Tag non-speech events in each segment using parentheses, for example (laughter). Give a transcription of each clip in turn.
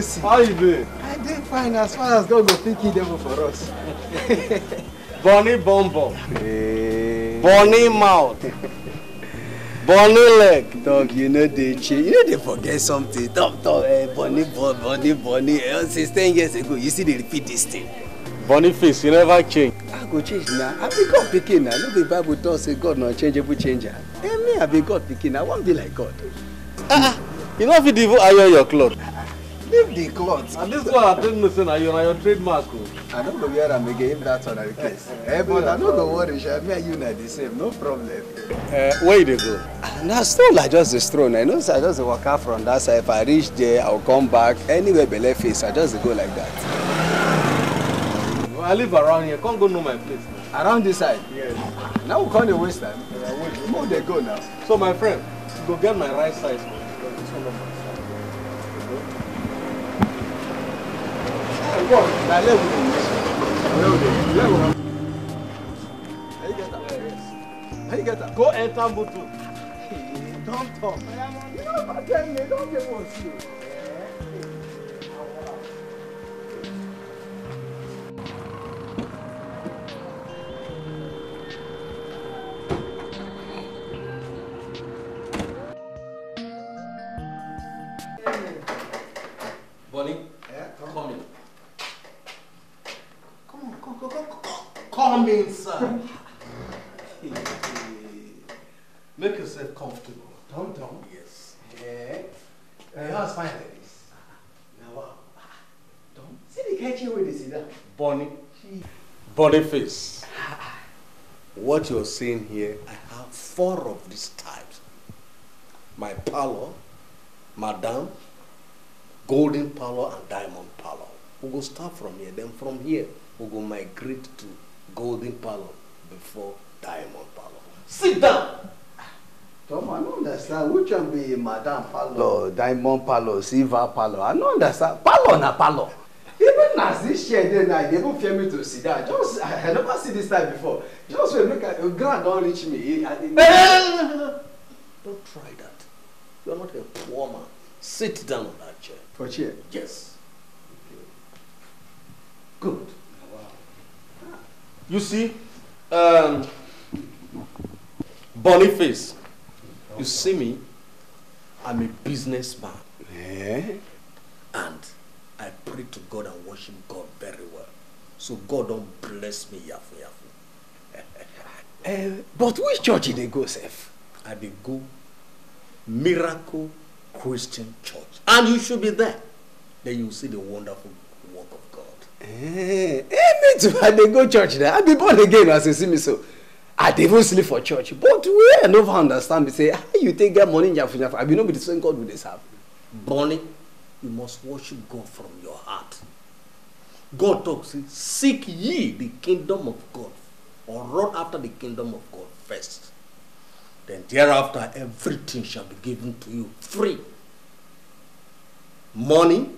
go How you doing? I did fine as far as God go pick you devil for us. (laughs) Bonnie bum bum. Hey. Eh. Bonny mouth. Bonnie leg. Dog, you know they change. You know they forget something. Talk, talk. Eh, Bonnie, bon, bonny, bonny. Eh, oh, since 10 years ago, you see they repeat this thing. Bonnie face, you never change. I go change now. I be God picking now. Look, the Bible talks say God not changeable changer. Eh, me, I be God picking. I won't be like God. Ah, ah. you know if you devote iron your clothes. Leave the clothes. And this one I don't know, say, you you're your trademark. Oh. I don't know where I'm again, if that's on the case. eh, but I don't know what is. Me and you are the same, no problem. Uh, where you go? Ah, Na stroll, like just the stroll. I know, I just walk out from that side. If I reach there, I'll come back. Anywhere be left face, I just go like that. I live around here. Can't go know my place. Now. Around this side? Yes. Now we can't waste time. Yeah, wait. Move they go now. So my friend, go get my right size. Man. pọ̀ lálẹ́ òun lè Go enter motor. Don't talk. You know, what then they don't get what you. sir. Make yourself comfortable. don't. Yes. Yeah. Uh, how's my ladies? Now what? Tom? See the kitchen way this sit down. Bonnie. face. (laughs) What you're seeing here, I have four of these types. My parlor, madame, golden parlor, and diamond parlor. We'll go start from here, then from here, we'll go migrate to golden parlor before diamond parlor. Sit down. Tom, I don't understand. Which one be Madame Parlor? No, diamond parlor, silver parlor. I don't understand. Parlor na parlor. Even as this chair then I they even fear me to sit down. Just, I, I never see this type before. Just wait, make a grand don't reach me. I, I, don't try that. You are not a poor man. Sit down on that chair. For chair? Yes. Okay. Good. You see, um, Boniface, you see me, I'm a businessman. Yeah. And I pray to God and worship God very well. So God don't bless me, Yafu Yafu. uh, (laughs) but which church did they go, Seth? I dey go Miracle Christian Church. And you should be there. Then you see the wonderful Eh, eh me too i dey go church there i be born again as you see me so i dey even sleep for church but wey i no understand be say how you take get money nyafu I be no be the same god we dey serve. bonny you must worship god from your heart god talk say seek ye the kingdom of god or run after the kingdom of god first then thereafter everything shall be given to you free money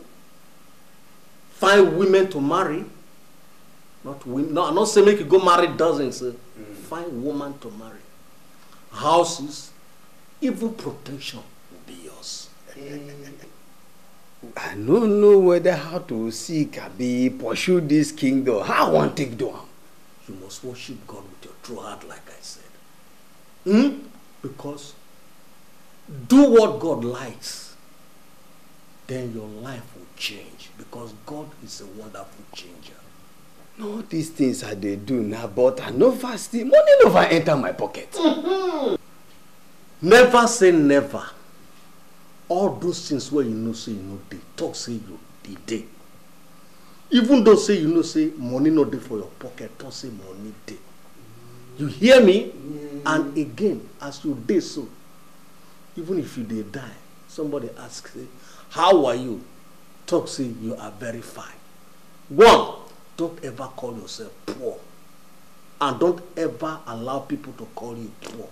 find women to marry. Not women. No, I'm not saying make you go marry dozens. Uh, mm. Find woman to marry. Houses, even protection will be yours. Mm. I don't know whether how to seek be pursue this kingdom. How one do down? You must worship God with your true heart, like I said. Hmm? Because do what God likes, then your life will change. because God is a wonderful changer. No, these things I they do now, but I no fasting money never enter my pocket. Mm -hmm. Never say never. All those things where you know say you no dey talk say you dey dey. Even though say you know say money no dey for your pocket talk say money dey. You hear me? Mm -hmm. And again as you dey so even if you dey die somebody asks, how are you? talk say you are very fine. One, don't ever call yourself poor. And don't ever allow people to call you poor.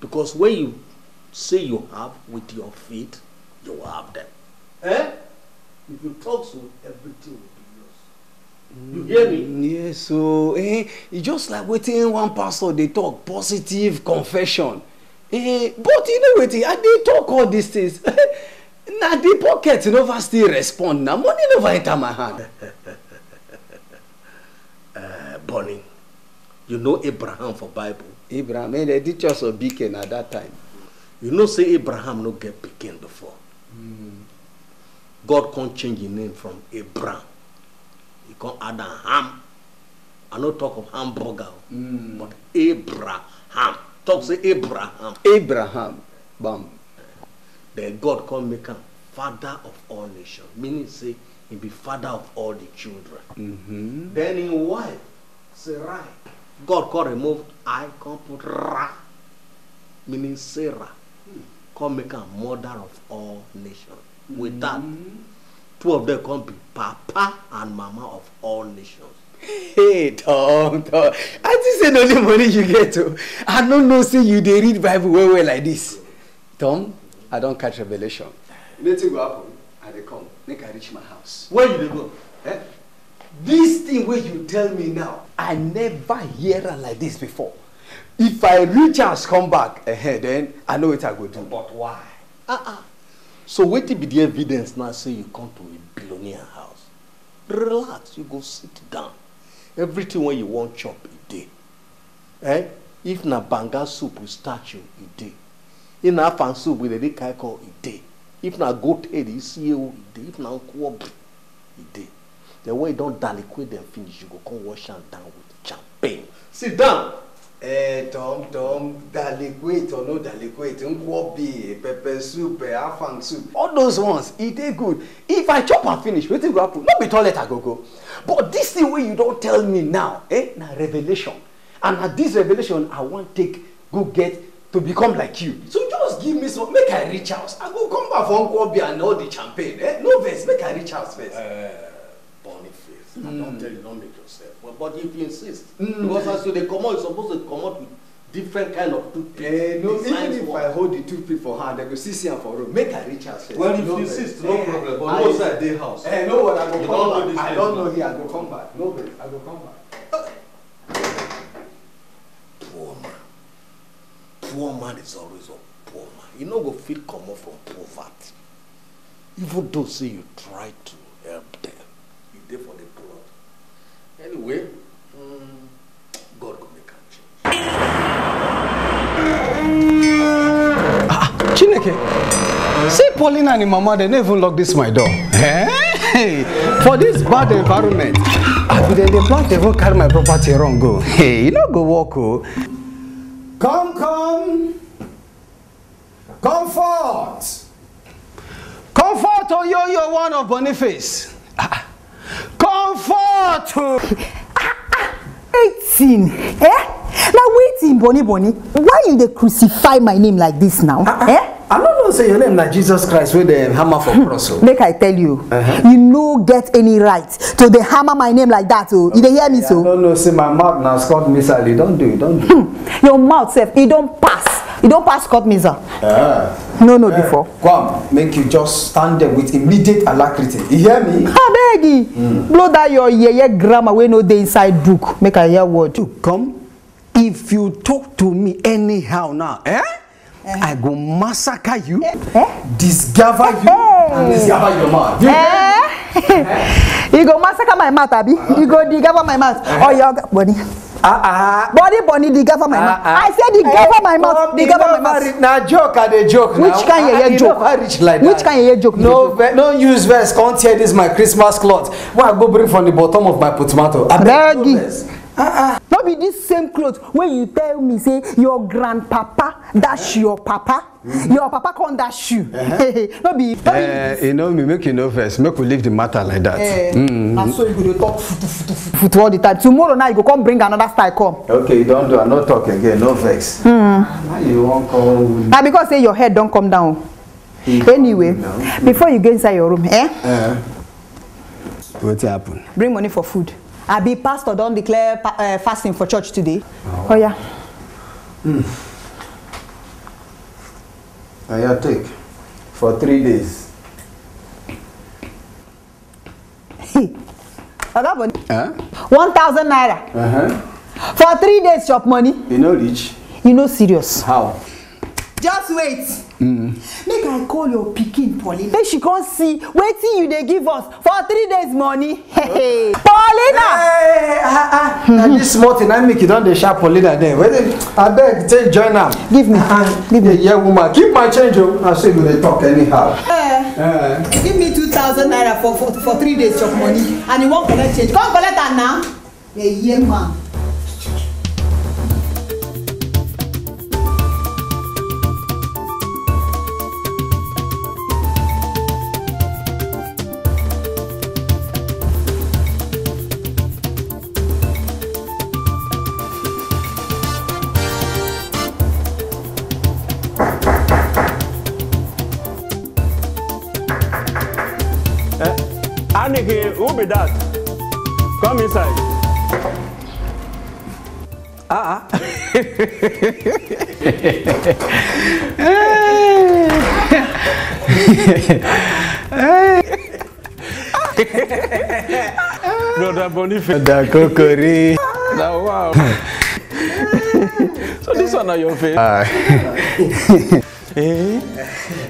Because when you say you have with your feet, you have them. Eh? If you talk so, everything will be yours. you hear me? Mm, yes so eh, just like wetin one pastor they talk positive confession eh, but you know what? i dey talk all these things (laughs) na the pocket never still respond na money never enter my hand (laughs) uh, Bonnie, you know abraham for bible abraham and eh, they teach us of pikin at that time you know say abraham no get pikin before mm. god can't change his name from abraham he can't add a ham i no talk of hamburger mm. but abraham talk say abraham abraham bam then god come make am father of all nations meaning say he be father of all the children mm -hmm. then him wife sarai god come remove i come put ra meaning sarah mm. come make am mother of all nations mm -hmm. with that mm-hmm. two of them come be papa and mama of all nations hey tom tom i just say na only money you get o i don't know say you dey read bible well well like this tom I don't catch revelation. Nothing go happen. I they come make I reach my house. Where you go? Eh? This thing where you tell me now, I never hear her like this before. If I reach house come back, ahead, eh, then I know what I go do. But why? Uh-uh. So wait to be the evidence now say you come to a billionaire house? Relax, you go sit down. Everything where you want, chop e dey. Eh? If na banga soup will with you, e dey ị na-afa nso ogbere dịka ịkọ ide if na goat head isi ewu ide if na nkwụ ọbụ ide the way you don daliquate them finish you go come wash am down with champagne sit down. Eh, Tom, Tom, daliquate or no daliquate, nkwobi, pepper soup, afang soup, all those ones, e dey good. If I chop and finish, wetin go happen? No be toilet I go go. But this thing wey you don tell me now, eh, na revelation. And na this revelation I wan take go get to become like you. So just give me some, make I reach house. I go come back from Kobe and all the champagne. Eh? No vex, make I reach house first. Boniface, eh, mm. I hmm. don't tell you, don't make yourself. Well, but if you insist, mm. because as you dey comot, you supposed to comot with different kind of toothpaste. Eh, no, even if one. I hold the toothpaste for hand, I go see see for road. Make I reach house first. Well, if you insist, no eh, problem. But no side dey house. Eh, no what I go come back. I don't know here, I go come back. No vex, I go come back. Poor man poor man is always a poor man you know, go feel come comot from poverty even though say you try to help them, you dey for the poor anyway um, god go make a change. ah chineke see paulina and im mama they never lock this my door eh? hey, for this bad environment abi dem dey plan to even carry my property wrong. Oh. E go hey, you know, go walk, Oh. Come, come, come forth. Come forth, O oh, yo, yo, one of Boniface. (laughs) Come forth. (laughs) 18 eh na wetin boni boni why you dey crucify my name like this now uh, eh i no know say your name like jesus christ wey dem hammer for cross oh. (laughs) make i tell you uh -huh. you no get any right to the hammer my name like that o oh. okay, you dey hear me so. No, no See my mouth na scott missile Don't do it. Don't. do. Hmm. your mouth sef e don't pass you don't pass court miser. Uh, no no uh, before. come eh, make you just stand there with immediate alacrity you hear me. abeg mm. blow that your yeye grammar wey no dey inside book make i hear word. you come if you talk to me anyhow now eh? Eh. i go massacre you eh? discover you eh. and discover your mouth. You eh? (laughs) you go massacre my mouth abi uh-huh. you go discover my mouth uh-huh. Oh, your body ah, ah. body bunny dey cover my mouth i say dey cover my mouth dey cover my mouth na joke i dey joke which kind ah, yeye joke which kind yeye joke no no use vex Can't hear this my christmas cloth wey i go bring from the bottom of my potato abeg no vex. Uh-uh. no be this same cloth wey you tell me say your grandpapa dash your papa mm your papa come dash you uh-huh. (laughs) no be. Uh, you know me make you know first make we leave the matter like that. Uh, mm. na so you go dey talk futu futu futu futu all the time tomorrow night you go come bring another style come. okay you don do i no talk again no vex. Mm. na you wan come. na ah, because say your head don come down. Mm. anyway down. before you go inside your room. Eh? Uh, wetin happen. bring money for food abi pastor don declare pa uh, fasting for church today oh, oh yeah mm. i take for three days oga (laughs) boni one thousand naira uh-huh. for three days chop money You know rich. You know serious how just wait Mm-hmm. make i call your pikin paulina make she come see wetin you dey give us for three days money paulina hey ah ah, ah. na mm-hmm. dis small thing na make you don dey sharp paulina there abeg take join am give me hand. Ah, ah. give me yeah woman keep my change o na so you go dey talk anyhow eh. Eh, eh. give me two thousand naira for for for three days chop money and you wan collect change come collect am now yeye man. Who be that? Come inside. Ah. Brother ah. Boniface. The cookery. Now, wow. (laughs) so this one are your favorite. Uh. Ah. (laughs) Eh?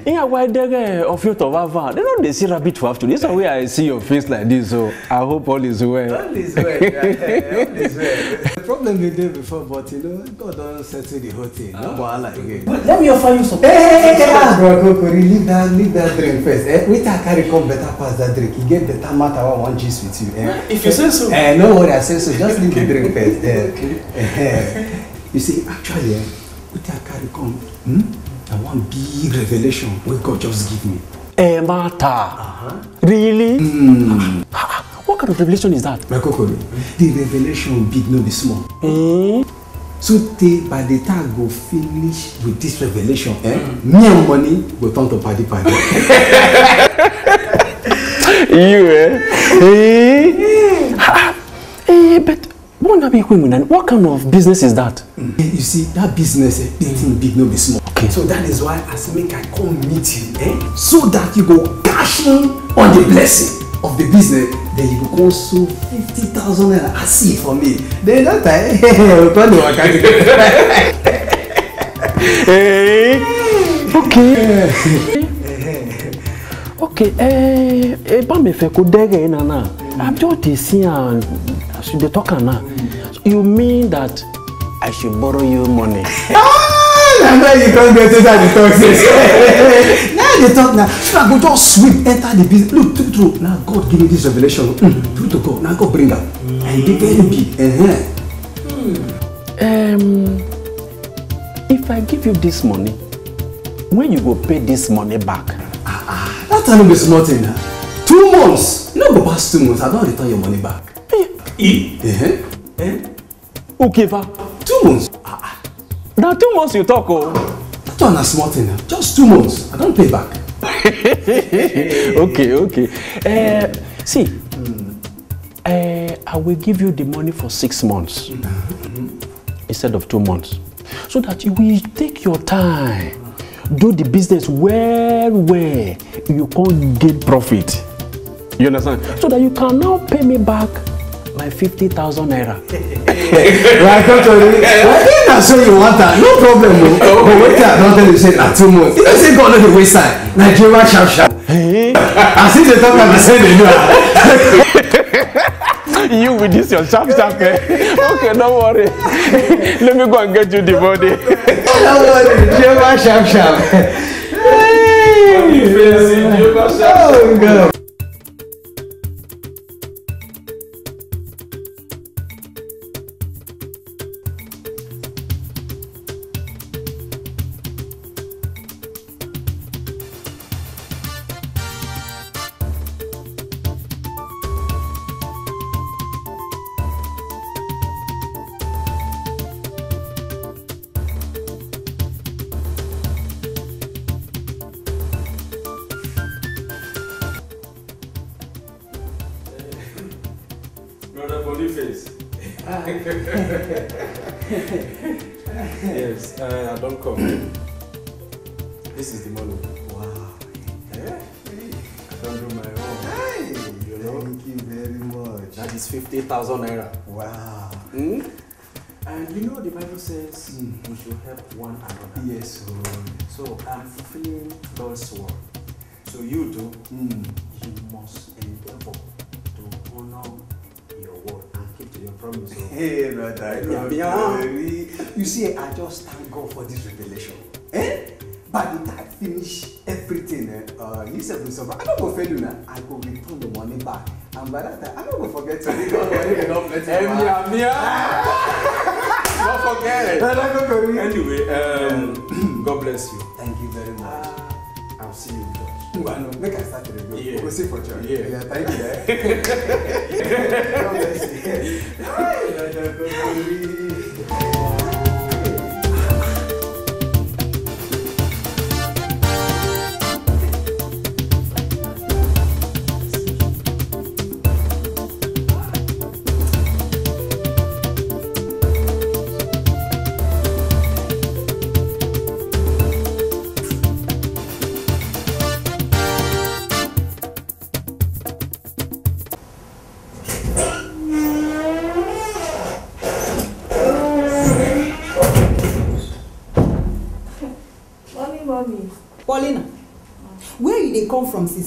yeah, why there of you to Vava? They don't they see rabbit for after. This is the way I see your face like this. So oh, I hope all is well. All is well. all is well. the problem we did before, but you know, God don't settle the whole thing. No wahala again. But let me offer you something. Hey, hey, hey, hey, bro, leave that, leave that drink first. Eh? Wait, I carry come better pass that drink. You get better matter I want juice with you. Eh? If you say so. Eh, no worry, I say so. Just leave the drink first. Eh? Okay. Eh, eh. you see, actually, eh, Uta carry come. Hmm? That one big revelation wey God just give me. Ẹ máa ta. Really? Mm. What kind of revelation is that? My kokoro, the revelation big no be small. Mm. So tey by the time I go finish with this revelation, eh, me and money go turn to padi padi. (laughs) you eh? eh? Hmm. eh but what kind of business is that? Mm. You see, that business, eh, the big no be small. Okay. So that is why I say make I come meet you, eh? So that you go cash in on the blessing of the business, then you go come so fifty thousand naira as see for me. Then that time, we come dey waka together. Hey, okay. Eh. okay ẹ eh, ẹ eh, bá mi fẹ́ kó dẹrẹ nana i'm just dey see should as talk now you mean that i should borrow you money. (laughs) Oh! (laughs) now you come get wetin i dey talk now i talk na so i go just sweep enter the business look true true na god give me this revelation mm. true to god Now god bring am and e very big. Uh -huh. um, if i give you this money when you go pay this money back. ah ah that time be small thing na two months no go past two months i don't return your money back. e. Uh -huh. Eh? eh? Okay, give two months. ah ah na two months you talk o. Oh. that one na small thing na just two months i don pay back. (laughs) okay okay uh, see uh, i will give you the money for six months mm-hmm. instead of two months so that you will take your time do the business well well you come get profit you understand so that you can now pay me back My fifty thousand naira. like (laughs) actually (laughs) I think that's so you want am ah. no problem o oh. oh. but wetin i don tell you say that too much you know say god no dey waste time nigeria sharp sharp (laughs) I see the talk am the same. dey ah. you with this your sharp sharp eh? okay don't worry let me go and get you the body don't worry jeba sharp sharp hey. oh god students. Ah. yes, uh, I don't come. this is the money. Wow. Yeah. I don't do my own. Hey, you know? Thank you very much. That is 50,000 naira. Wow. Hmm? And you know the Bible says mm. we should help one another. Yes, Lord. Oh. So I'm fulfilling God's word. So you too. Mm. promise. Oh. Hey, brother, I love you. see, I just thank God for this revelation. Eh? By the time I finish everything, eh, uh, you said we survive. I don't go fail you now. I go return the money back. And by that time, I don't go forget to return the money back. Don't forget it. Mia, Mia. (laughs) Don't forget it. Anyway, um, (clears throat) God bless you. I know. Make I start to the Yeah. We'll see for church. Yeah. yeah thank you. yeah. (laughs) (laughs) God bless you.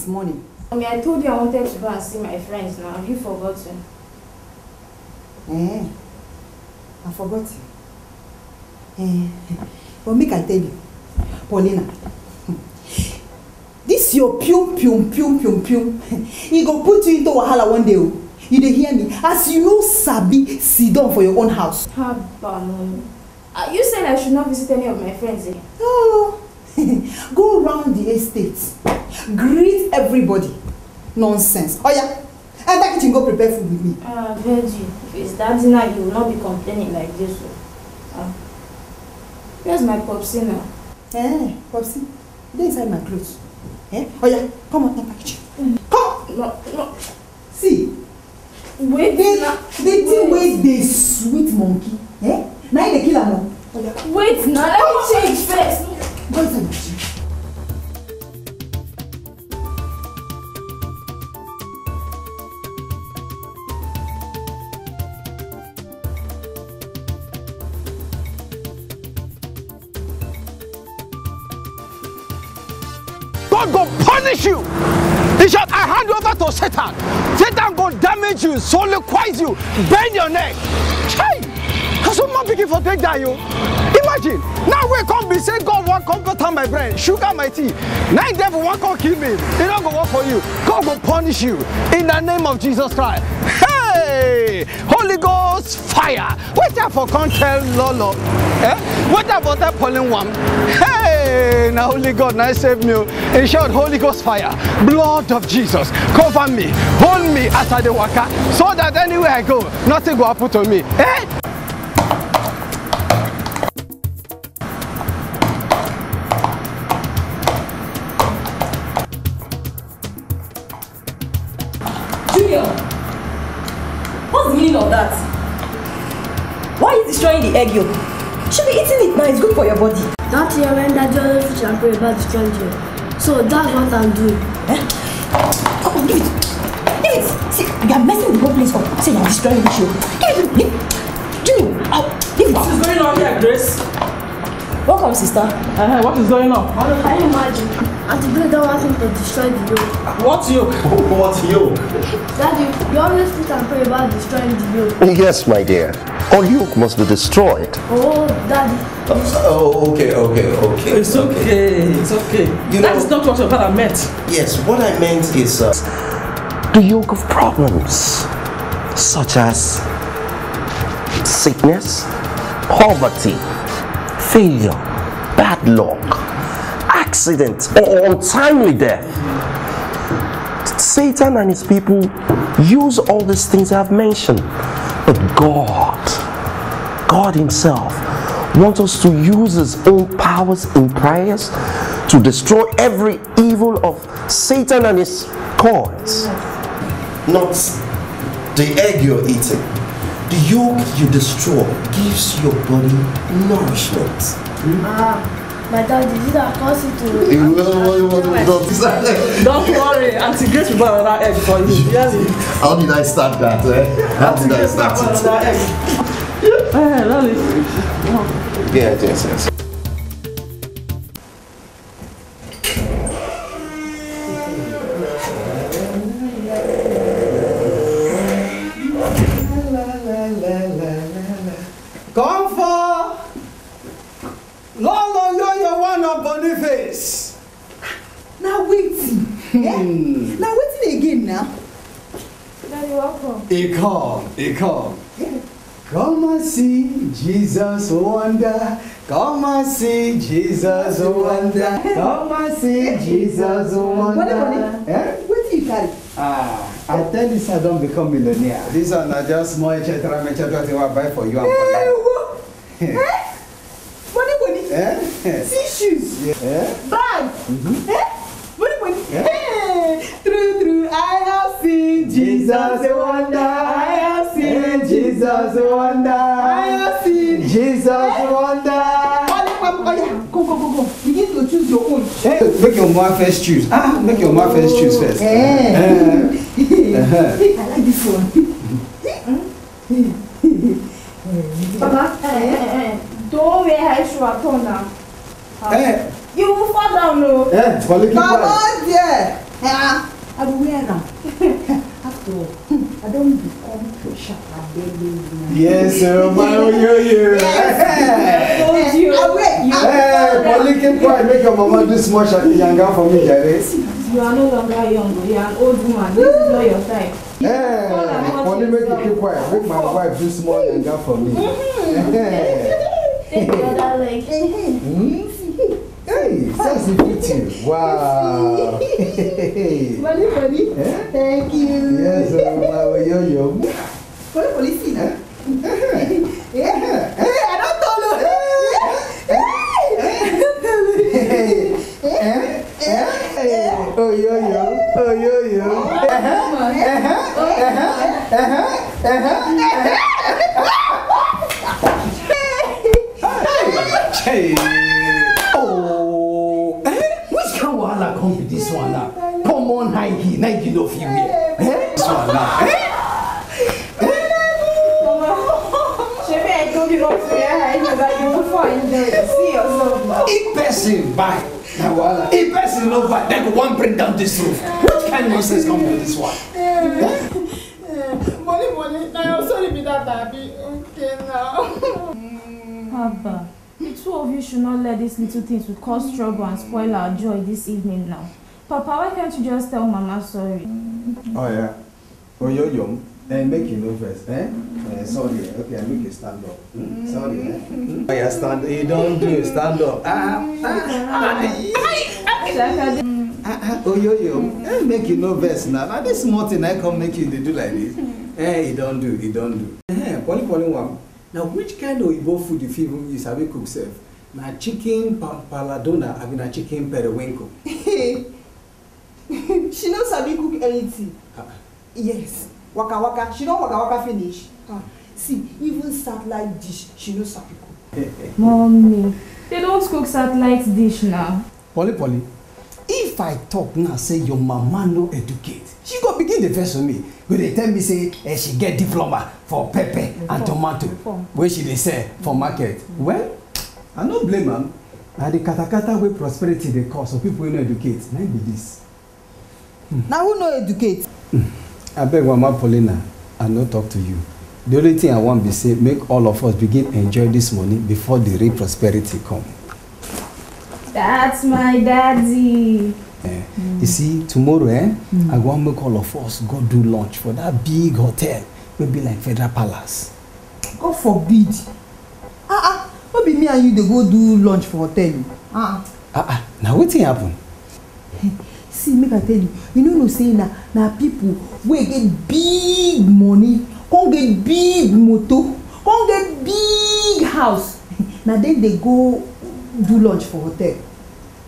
I mean, Mommy, I told you I wanted to go and see my friends now. Have you forgotten? Eh, mm-hmm. I forgot. Eh, but make I tell you, Paulina, this your pium pium pium pium pium, He go put you into wahala one day. Oh. You dey hear me? As you no sabi, sit down for your own house. Haba, ah, You said I should not visit any of my friends again. go round the estate greet everybody nonsense oya enter kitchen go prepare food with me. ah uh, Virgil if it's that dinner you will not be complaining like this o oh. ah where's my popsi now. eh popsi dey inside my cloth eh oya come on enter kitchen mm. come. no no. see wey dey the thing wey dey sweet monkey eh na him dey kill am o. Oh. wait na let me change first. to Satan. Satan go damage you, soliloquize you, bend your neck. Hey, Chai! Asuma pikin for take that you. Imagine, now we come be say God won't come put my brain, sugar my tea. Now devil won't come kill me. He don't go work for you. God go punish you in the name of Jesus Christ. Hey! Holy Ghost fire! Wait that for come tell Lolo. Eh? Wait there for that polling one. Hey! Hey, now holy God, now save me. And shout, Holy Ghost fire, blood of Jesus, cover me, hold me as I waka, so that anywhere I go, nothing will happen to me. Hey! and pray about destroying jail. So that's what I'm doing. Eh? on, oh, give it. Give it. See, you are messing the whole place up. See, you are destroying the show. Give it. Give it. oh, give it. What is going on here, Grace? Welcome, sister. Uh -huh. What is going on? I can't imagine. At the break down nothing to destroy the yoke. What yoke? (laughs) what yoke? Daddy, you always think and pray about destroying the yoke. Yes, my dear. All yoke must be destroyed. Oh, Daddy. I'm oh, sorry. Oh, okay, okay, okay. It's okay. okay. It's okay. You that know, is not what I meant. Yes, what I meant is uh, the yoke of problems, such as sickness, poverty, failure, bad luck, accident, or untimely death. Satan and his people use all these things I've mentioned, but God, God Himself, wants us to use His own powers in prayers to destroy every evil of Satan and his courts. Not the egg you're eating. The yolk you destroy gives your body nourishment. Ah, My dad, did that cause you to... You will, Don't worry, Auntie Grace will buy another egg for you. How did I start that? Eh? How did I start it? Another egg. (laughs) Eh, lovely. Yes, yes, yes. Comfort! Lolo one of Boniface! Now waiting. Hmm. eh? Now waiting again now. Daddy, welcome. He come, he come and see Jesus wonder. Come and see Jesus wonder. Come and see Jesus wonder. What about eh? What you carry? Ah, I tell you, sir, don't become millionaire. These are not just small etc. etc. they will buy for you Hey, for you. Eh? Money eh? eh? money. Eh? See shoes. Yeah. Bag. Mm-hmm. Eh? Money money. Yeah. Hey, true true. I have seen Jesus wonder. I have seen eh, Jesus wonder wonder. Go, go, go, go. Begin to choose your own. Hey, make your mouth first choose. Ah, make your mouth first choose oh, first. Hey. Eh. Uh, uh-huh. (laughs) uh-huh. I like this one. Papa, eh, eh, don't wear high shoe at all now. Eh. Ah. You will fall down, no. Eh, Mama, yeah. Eh, I will wear now grow, hmm, I don't become Yes, uh, my oyoyo. Yes, I told you. I wait. Hey, Pauline, why make your mama do small shaki yanga for me, Jare? You are no longer young. You are an old woman. This is not your time. Yeah, Pauline, make you keep quiet. Make my wife do small yanga for me. Mm -hmm. Take the other leg. -hmm. Hey, sexy beauty. Wow. Money, money. (laughs) Eh? Thank you. Yes, wow, yo, yo. Follow policy now. Yeah. Eh? Hey, I don't follow. Hey. Hey. Hey. Oh, yo, yo. Oh, yo, yo. Uh-huh. Uh-huh. Uh-huh. Uh-huh. Uh-huh. Hey. Hey. wore Nike, Nike no fit wear. Eh? This one now. Eh? eh? If person buy, now voila. If person no buy, then one bring down this roof. What kind of nonsense come with this one? Eh, eh, money, money. Now I'm sorry, be that baby. Okay now. Papa, (laughs) the two of you should not let these little things will cause trouble and spoil our joy this evening now. Papa, why can't you just tell Mama sorry? Oh, yeah. Oh, yo, yo. Eh, make you know first, eh? eh sorry, eh. okay, I make you stand up. Hmm? Sorry, eh? Hmm? Oh, yeah, stand up. You don't do it, stand up. Ah, ah, ah, hmm. ah, ah oh, yo, yo. Eh, make you know first now. Now, this small thing I come make you they do like this. Eh, you don't do, you don't do. Eh, poly, poly, one. Now, which kind of Igbo food if you, you sabi cook, sef? Na chicken paladona, abi na chicken periwinkle. (laughs) (laughs) she no sabi cook anything ah. yes waka waka she don waka waka finish ah. Ah. see even satellite dish she no sabi cook (laughs) mommy they don't cook satellite dish now polly polly if i talk now say your mama no educate she go begin the dey vex me go they tell me say eh, she get diploma for pepper before, and tomato wey she they sell for market mm. well i no blame her. na the katakata wey prosperity they cause So people wey no educate Maybe this na who no educate. Hmm. abeg mama paulina i no talk to you the only thing i want be say make all of us begin enjoy this money before the real prosperity come. that's my daddy. Eh, mm. you hmm. see tomorrow eh, mm. i wan make all of us go do lunch for that big hotel wey be like federal palace. god forbid ah ah no be me and you dey go do lunch for hotel o. ah ah, ah, ah na wetin happen see make i tell you you no know say na na people wey get big money come get big motor come get big house (laughs) na dem dey go do lunch for hotel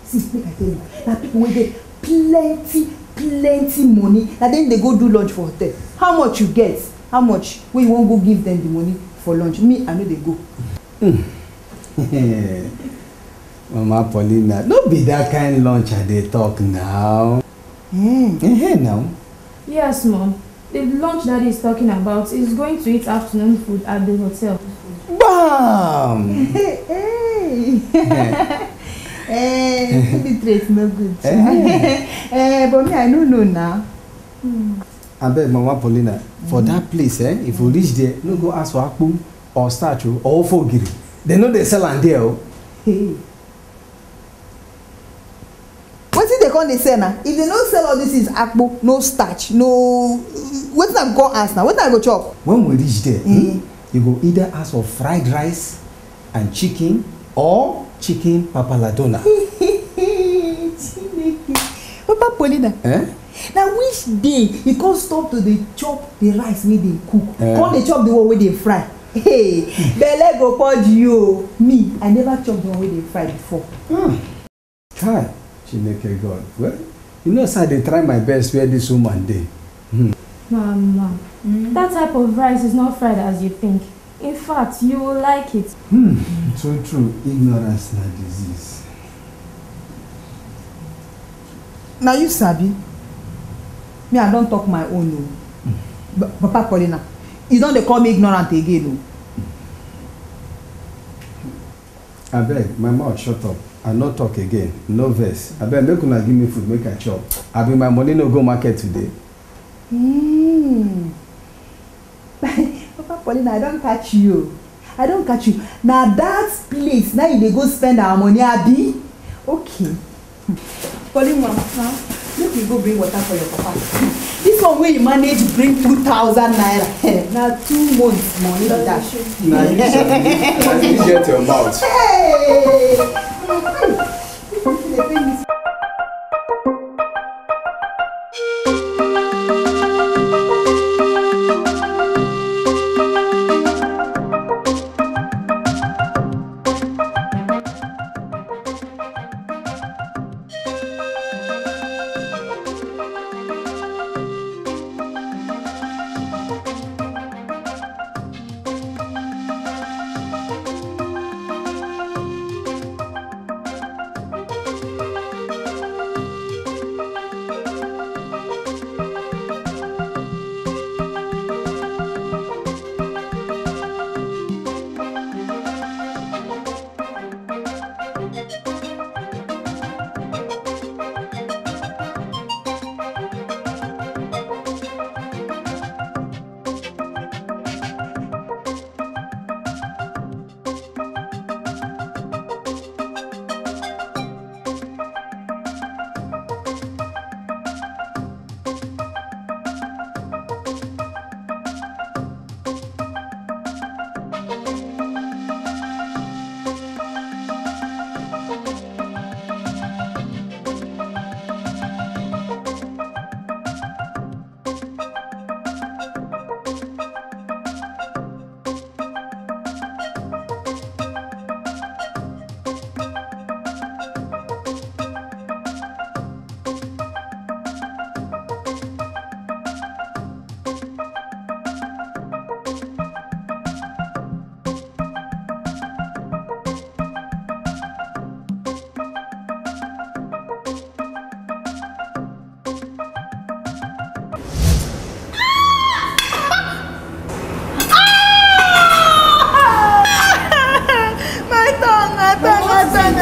see make i tell you na people wey get plenty plenty money na dem dey go do lunch for hotel how much you get how much wey you wan go give dem the money for lunch me i no dey go. Mm. (laughs) mama paulina no be that kind lunch i dey talk now Mm. eh now yes mom the lunch daddy is talking about is going to eat afternoon food at the hotel bam (laughs) hey hey (laughs) eh food eh. trait no good eh, (laughs) eh but me i no know na hmm. abeg mama paulina for hmm. that place eh if you reach there no go ask for akpu or starch oh, or ofogiri dem no dey sell am there o oh wetin dey come dey sell na if they no sell all these things akpo no starch no wetin i go ask na wetin i go chop. when we reach there hmm, mm. you go either ask for fried rice and chicken or chicken papaladona. (laughs) papa polina. Eh? na which day you come stop to dey chop the rice wey dey cook eh. come dey chop the one wey dey fry hey belle go purge you o me i never chop the one wey dey fry before. Mm. She make chineke god well you know say i dey try my best where this woman dey. Hmm. mama mm. that type of rice is not fried as you think in fact you will like it. Hmm. true true ignorance na disease. na you sabi me i don talk my own o oh. mm. papa paulina you don dey call me ignorant again o. Oh. abeg my mouth shut up i no talk again no vex abeg make una give me food make i chop abi my money no go market today. Mm. (laughs) papa paulina i don catch you i don catch you na dat place na you dey go spend our money abi okay. (laughs) paulina huh? make we go bring water for your papa this one wey you manage bring two thousand naira (laughs) na two months money be that. na you sabi (laughs) na you get your mouth. Hey. (laughs)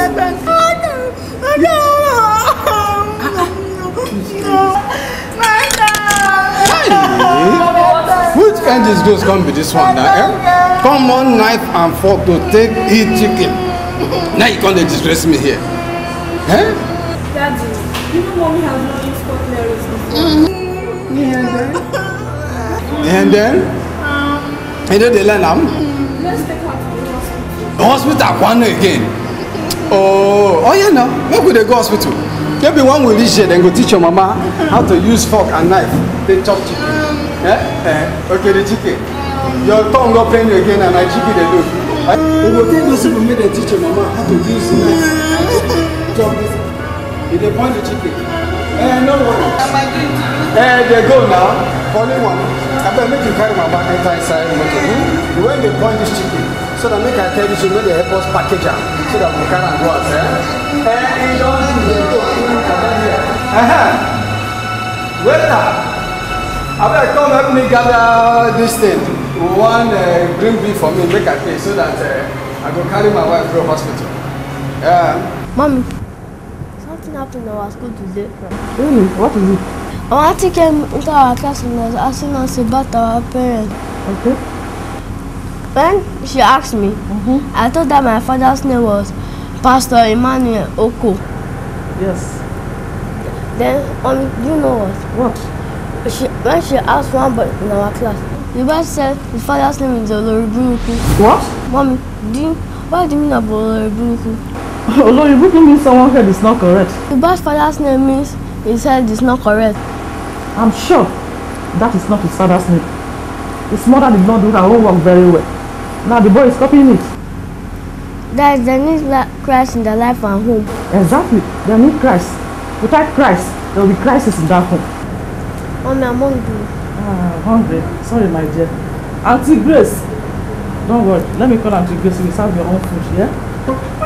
ẹ̀bẹ̀ kọ́nà ọjọ́ Which end is those gonna be this one now? Eh? Come on, knife and fork to take eat chicken. Now you come to distress me here. Eh? Daddy, you know mommy has not used cutlery before. Mm-hmm. (laughs) then? And then? Um, and then they learn now? Let's take her to the hospital. The hospital, one again oh oh yeah now make we dey go hospital maybe one we reach there dem go teach your mama how to use fork and knife take chop chicken eh eh okay the chicken your tongue go pain you again and na chicken dey look we go take those people make dem teach your mama how to use knife and chop this dey point the chicken eh no worry eh dey go now only one abeg make you carry my bag enter inside motor when dey point this chicken so that make I tell you so make dey help us package am so that we can am go as eh. Eh, e don do the go for that year. Waiter, abeg come help me gather this thing. One uh, green bee for me make I pay so that uh, I go carry my wife go hospital. Yeah. Mommy, something happened in our school today. Really? What is it? Our auntie came into our class and was asking us about our parents. Okay. When she asked me, mm-hmm. I told that my father's name was Pastor Emmanuel Oko. Yes. Then, um, you know what? What? She, when she asked one boy in our class, the boy said his father's name is Oloribunuku. What? Mommy, do you, what do you mean about Oloribunuku? (laughs) Oloribunuku means someone's head is not correct. The boy's father's name means his head is not correct. I'm sure that is not his father's name. His mother did not do her work very well. Now the boy is copying it. There is the need Christ in the life and home. Exactly. There need Christ. Without Christ, there will be crisis in that home. Oh, I'm hungry. Ah, hungry. Sorry, my dear. Auntie Grace. Don't worry. Let me call Auntie Grace. You will serve your own food, yeah?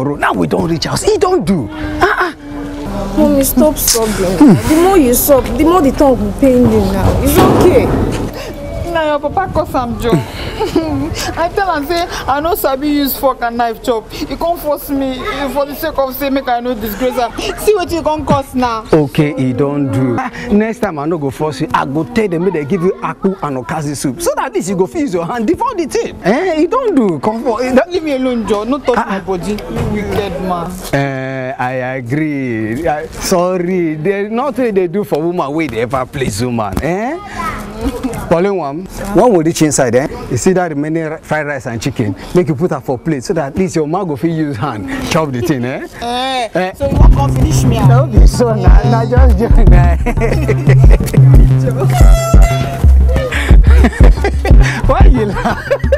for road now we don reach house He don do ah ah. Mommy, stop sobbing. Hmm. The more you sob, the more the tongue will pain you now. It's okay. Na your papa cause am joke i tell am say i no sabi use fork and knife chop e come force me e for the sake of say make i no disgrace am see wetin e come cause now. okay e don do next time i no go force you i go tell them make dem give you akpu and okazi soup so that this you go fit use your hand devour the thing eh e don do come for. leave me alone joe no touch ah. ah. my body you wicked man. Uh, i agree I, sorry there nothing they do for woman wey dey ever please woman. Eh? Calling one. One will reach inside there. Eh? You see that remaining fried rice and chicken. Make you put that for plate so that at least your mouth will feel use hand chop the thing. Eh? eh, eh. So you want to finish me? Don't ah? be so eh. now. Nah, nah, just join. Nah. Eh? (laughs) (laughs) Why you laugh?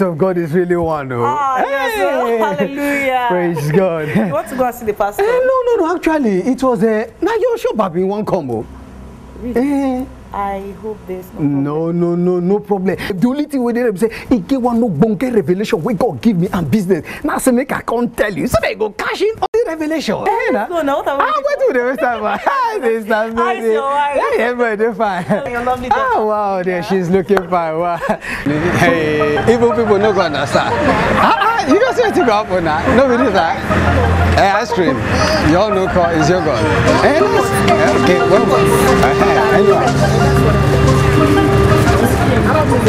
of God is really one. Oh, ah, yes, oh, hey! hallelujah. Praise God. (laughs) you want to go and see the pastor? Eh, no, no, no. Actually, it was a uh, eh, na your shop have been one combo. Oh. Really? Eh, I hope there's no No, no, no, no problem. The only thing we did say, he gave one no bunker revelation. We God give me and business. Now say make I can't tell you. So they go cash in see revelation. Hey, na. So now what am I? Ah, what do they waste time? Hi, Mr. Mary. Hi, Mary. Hey, everybody fine. You're lovely. Oh wow, there yeah. she's looking fine. Wow. hey, even people no go understand. Ah, ah you don't see to go up on that. Nobody did that. Hey, ice cream. You all call is your god. Hey, nice. Okay, well, anyway.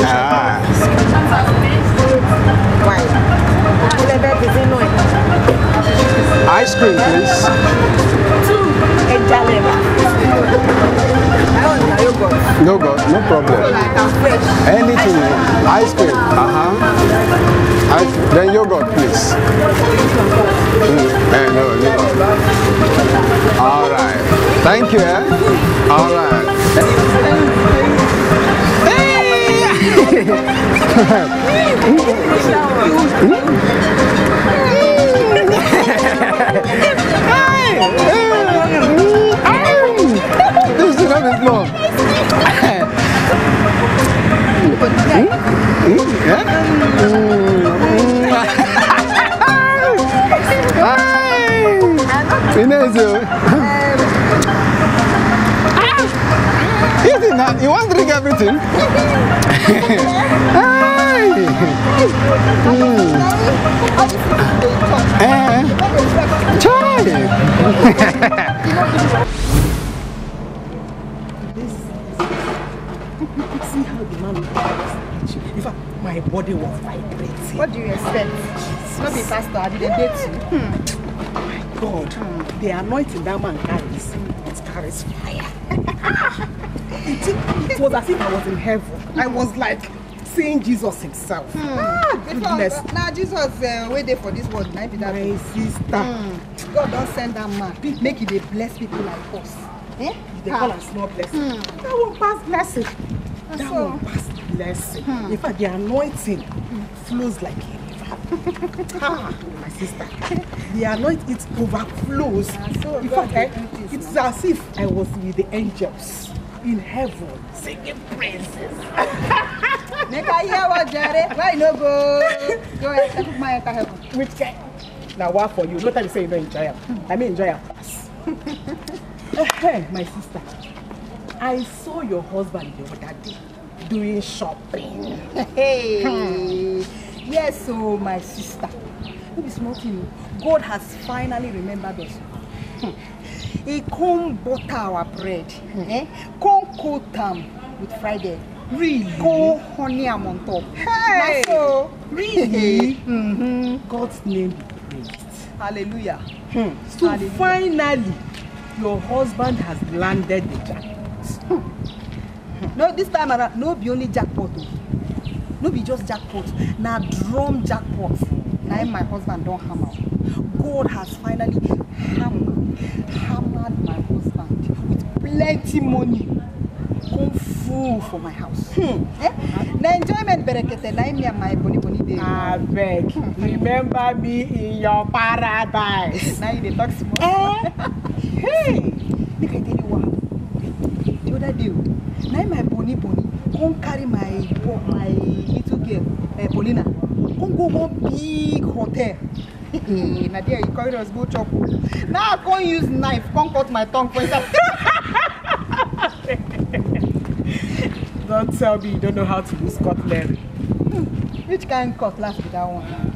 Ah. English. Two. No God, no problem. Anything, ice cream. Uh huh. Ice, then yogurt, please. Mm, eh, no, no. All right. Thank you. Eh? All right. Hey! (laughs) (laughs) Hmm? hey! Hey! This is it's long. You want to drink everything? See how the man looks. In fact, my body was vibrating. What do you expect? Not be pastor, I didn't date you. Hmm. Oh my God, hmm. the anointing that man carries, it carries fire. it, (laughs) it was as if I was in heaven. I was like, seeing jesus himself mm. ah, ah goodness uh, na jesus uh, wey dey for this world na be my sister mm. god don't send that man make it dey bless people like us eh? they call am small blessing mm. that one pass blessing ah, that so, one pass blessing mm. in fact the anointing mm. flows like it. ah, (laughs) my sister, the anoint it overflows. Yeah, so in fact, eh, I, it's now. as if I was with the angels in heaven singing praises. (laughs) Nika hear what Jerry. Why no go? Go help my help. Which guy? Now what for you? No time to say you don't enjoy am. I mean enjoy am. Hey, (laughs) eh, my sister. I saw your husband the other day doing shopping. Hey. Hmm. Yes, so my sister. Who be smoking? God has finally remembered us. Hmm. He come butter our bread. Hmm. Eh? Come coat them with fried egg. Really? Go honey am on top. Hey! So, really? (laughs) Mm-hmm. mm-hmm. God's name praised. Hallelujah. Hmm. So Hallelujah. finally, your husband has landed the jackpot. Hmm. No, this time around, no be only jackpot. Oh. No be just jackpot. Now drum jackpot. Now my husband don't hammer. God has finally hammered, hammered my husband with plenty money full for my house hmm. eh? na enjoyment berekete na im and my boni boni dey abeg hmm. remember me in your paradise now you dey talk small eh (laughs) hey make i tell you what the other day oh, na my boni boni come carry my my little girl uh, Paulina come go one big hotel (laughs) eh, na there you carry us go chop now i come use knife come cut my tongue for inside. (laughs) Don't tell me you don't know how to do Scotland. Hmm, which kind of cutlass be that one?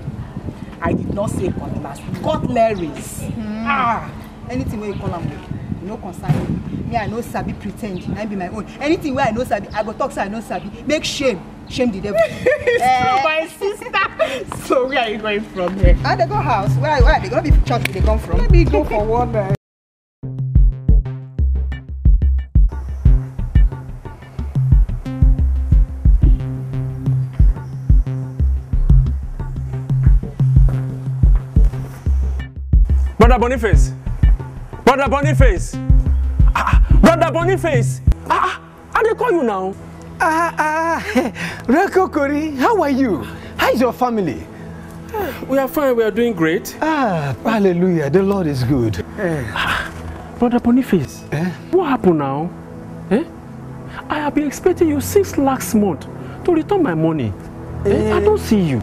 I did not say cutlass. Cutlaries. Hmm. Ah! Anything where you call them, you No concern me. Me, I know sabi pretend. I be my own. Anything where I know sabi, I go talk say I know sabi. Make shame. Shame the devil. uh, (laughs) so eh. my sister. so where are you going from here? I ah, they go house. Where, where they gonna be church? Where They come from. Let me go for one. Eh? brother Boniface brother Boniface ah, ah brother Boniface ah I ah, they call you now. Ah ah, ah. (laughs) Reko Kori how are you how is your family. We are fine we are doing great. Ah hallelujah the Lord is good. Eh. Ah brother Boniface eh? what happened now. Eh? I have been expecting you since last month to return my money. Eh? Eh, I don't see you.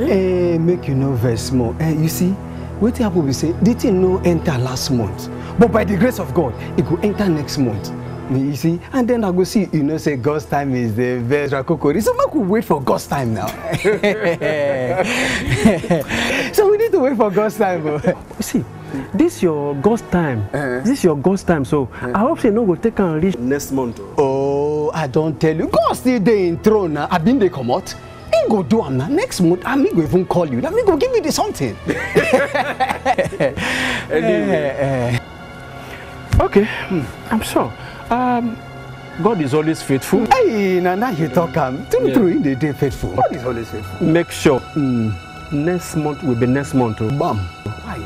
Eh? Eh, make you nervous more eh, you see wetin happen be say the thing no enter last month but by the grace of god e go enter next month you see and then i go see you know say god's time is the best rakokori so make we wait for god's time now (laughs) so we need to wait for god's time o. Oh. see this your god's time uh-huh. this your god's time so uh-huh. i hope say no go take am reach. next month o. Oh. oh i don tell you god still dey im throne na i bin dey comot go do am na next month and ah, me go even call you na me go give you the something. (laughs) (laughs) okay hmm. i'm sure. Um, God is always faithful. Hey, na na you talk am. Um, true, yeah. true, he dey dey faithful. God is always faithful. Make sure mm, next month will be next month. Oh. Bam. Why?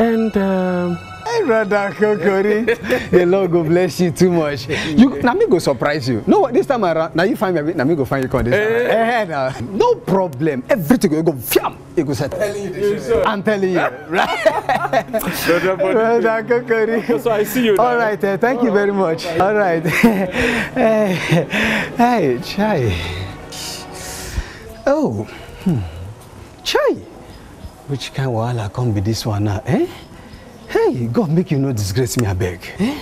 And uh, Hi, brother Kokori. the Lord go bless you too much. You, na me go surprise you. No, this time around, now you find me, Now me go find you come this time. Hey. Eh. Eh, hey, No problem. Everything go go fiam. You go set. I'm telling you. Right. brother Kokori. So I see you. Now. All right. Uh, thank oh, you very much. Bye. All right. hey, (laughs) hey, chai. Oh, hmm. chai. Which kind of wahala come be this one now, eh? hey god make you no disgrace me abeg eh?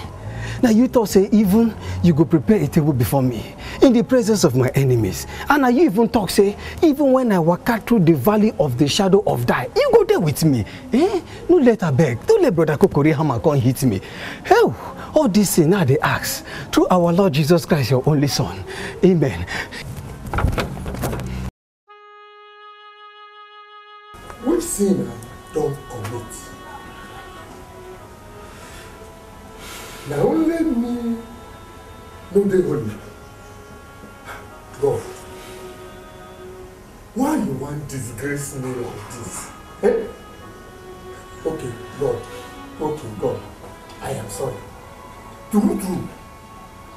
Now you talk say even you go prepare a table before me in the presence of my enemies and now you even talk say even when i waka through the valley of the shadow of die you go there with me eh no let her beg. Don't let brother kokori hammer come hit me hell all this thing now they ask through our lord jesus christ your only son amen. We've seen don't commit. na only me no dey holy god why you wan disgrace me like this eh okay god okay god i am sorry true true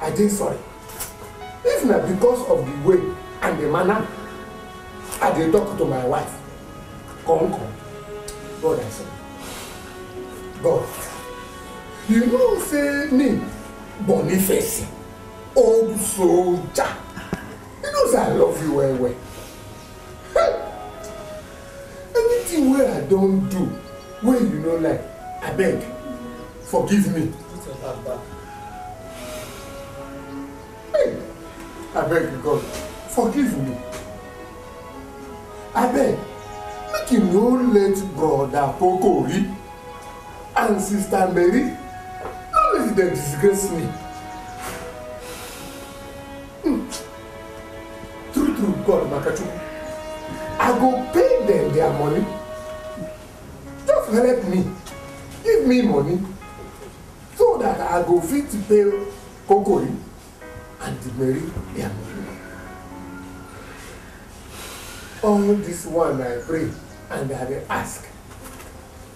i dey sorry if na because of the way and the manner i dey talk to my wife come come god i sorry god you know say me Boniface old soldier you know say I love you well well anything wey I don do wey you no like abeg forgive me hey abeg God forgive me abeg make you no let brother Pokori and sister Mary How is they disgrace me? True, true, God, Makachu. I go pay them their money. Just help me. Give me money. So that I go fit to pay Kokori and marry their money. All this one I pray and I ask.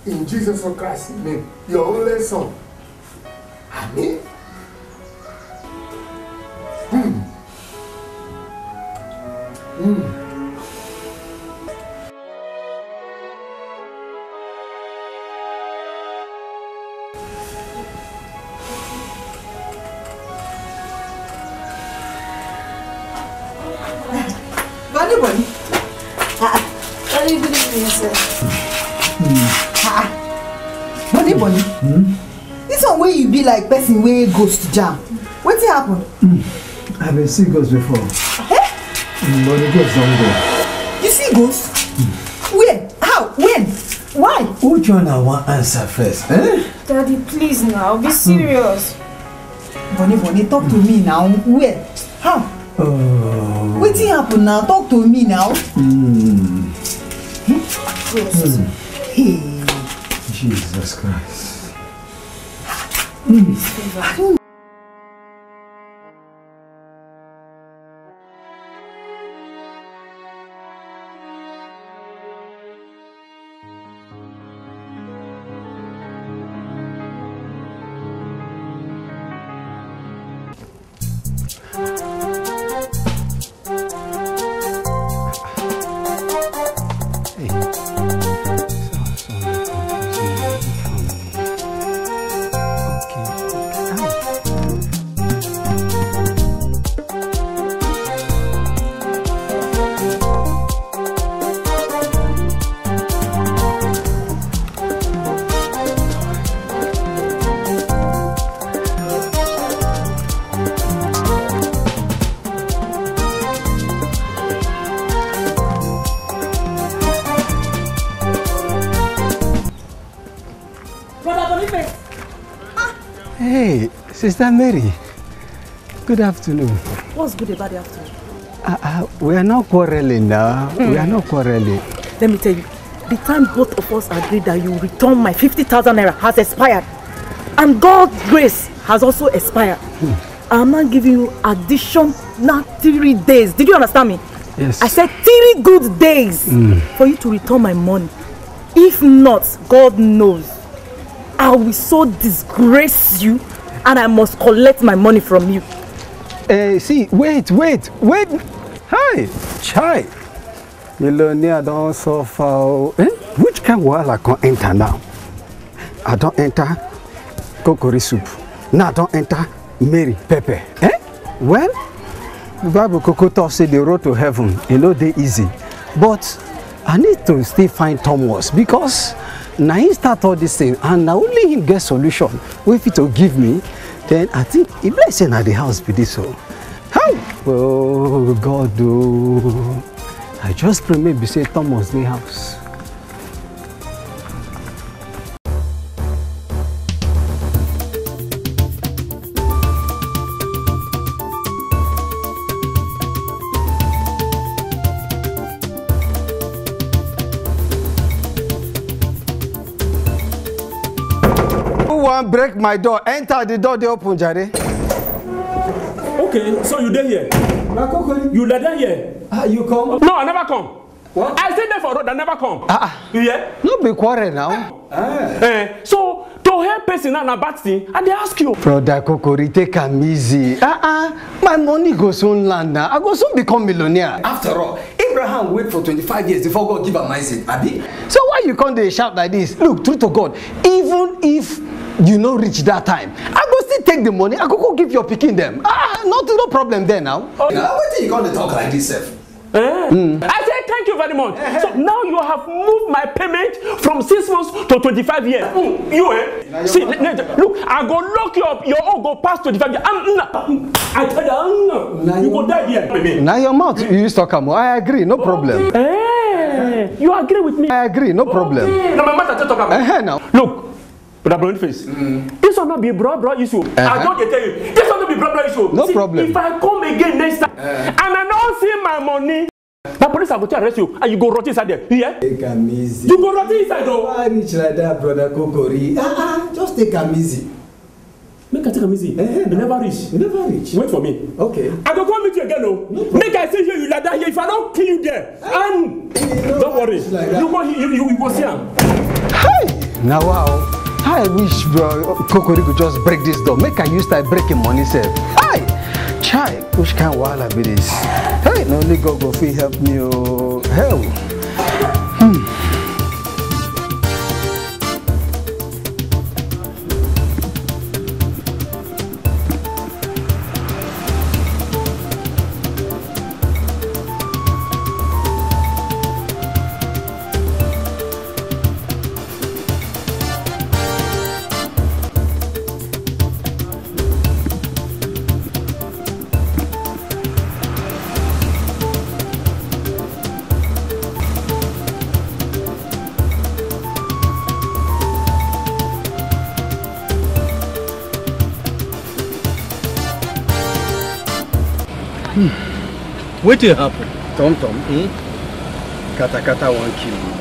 In Jesus Christ's name, your only son. 아니? 음. 음. 빨리 보니. 아, 빨리 그리고 어요 음. 아, 빨리 보니. 음. dis one wey you be like person wey ghost jam wetin happen. Mm. i been see ghost before eh? mm, but the ghost don go. you see ghost. Mm. where how when why. which one i wan answer first. Eh? daddy please now be hmm. serious. Mm. bonny bonny talk to me now where how. Oh. wetin happen now talk to me now. Mm. Hmm? Mm. Hey. Hmm. jesus christ. 嗯。Sister Mary, good afternoon. What's good about the afternoon? Uh, uh, we are not quarreling now. We are hmm. not quarreling. Let me tell you, the time both of us agreed that you return my 50,000 naira has expired. And God's grace has also expired. Hmm. I'm not giving you additional three days. Did you understand me? Yes. I said three good days hmm. for you to return my money. If not, God knows, I will so disgrace you and I must collect my money from you. Eh, see, wait, wait, wait. Hi, chai. Millionaire don suffer. Oh. Eh? Which kind of wahala can enter now? I don't enter kokori soup. Now I don't enter Mary pepper. Eh? Well, the Bible Koko talk say the road to heaven You e know, they easy. But I need to still find Thomas because Na he start all this thing, and na only him get solution. If he to give me, then I think he blessing at the house be this so. Oh. How? Oh God, oh. I just pray be say Thomas the house. wan break my door enter the door dey open jare. okay so you dey here. na koko you lie down here. ah you come. no i never come. What? I stay there for road, I never come. Ah, ah. uh, yeah? No be quarrel now. Ah. Eh, so, to help person now, na bad thing, I they ask you. Brother Kokori, take am easy. Ah, uh ah, -uh, my money go soon land now. I go soon become millionaire. After all, Abraham wait for twenty five years before God give am Isaac, abi? So why you come dey shout like this? Look, true to God, even if you no reach that time i go still take the money i go go give your picking them. ah not no problem there now. Okay. na wetin you come dey talk like this sir? Eh? Mm. I say thank you very much. Eh, eh, so now you have moved my payment from six months to twenty-five years. Mm, you eh? See, le, look, I go lock you up. Your own go past twenty-five years. I'm, I tell you, mm, now you go die here. Now your mouth, you used to come. I agree, no problem. Okay. Eh, you agree with me? I agree, no problem. Okay. No, my mother talk about. Eh, eh, now look with a brown face. Mm. This will not be a bro bro issue. Uh -huh. I uh-huh. don't tell you. This will not be bro bro issue. No see, problem. If I come again next time uh and I don't see my money. The police are going to arrest you and you go rot inside there. Yeah? Take a easy. You go rot inside though. Why reach like that, brother Kokori? Ah, ah just take a easy. Make a take a easy. Uh -huh. You never reach. You never reach. Wait for me. Okay. I go come meet you again, oh. No Make I see you like that here. If I don't kill you there, uh eh, -huh. and you don't worry. Like you go you, you, you go see him. Hey! Now wow i wish kokori go just break this door make i use start breaking money sef hi chai which kind wahala be dis hey no only god go fit help me o oh. hell wetin happen. tom tom eh? kata wan kill me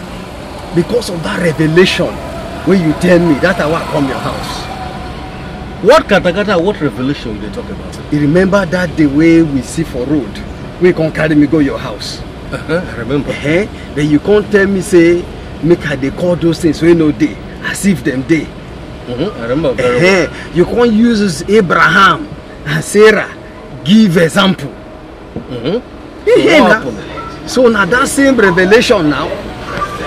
because of that revelation when you tell me that I i come your house. what kata kata? what revelation you talk about. you remember that the way we see for road we can carry me go your house. Uh -huh, I remember. Uh eh? -huh. Then you can't tell me say make her they call those things wey no dey as if them dey. Mm -hmm, I remember very uh -huh. well. Eh? You can't use Abraham and Sarah give example. Mm -hmm so now that same revelation now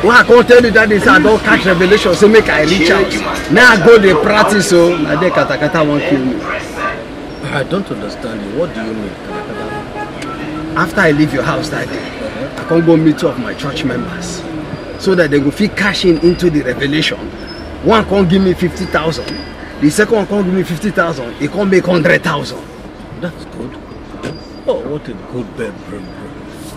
wey i can't tell you that day say i don catch revelation So make i reach out now i go dey practice so oh? o na kata kata won't kill me. i don't understand you what do you mean after i leave your house that day i can't go meet two of my church members so that they go fit cashing into the revelation one can't give me fifty thousand the second one come give me fifty thousand e come make hundred thousand Oh, what a good bread, bread,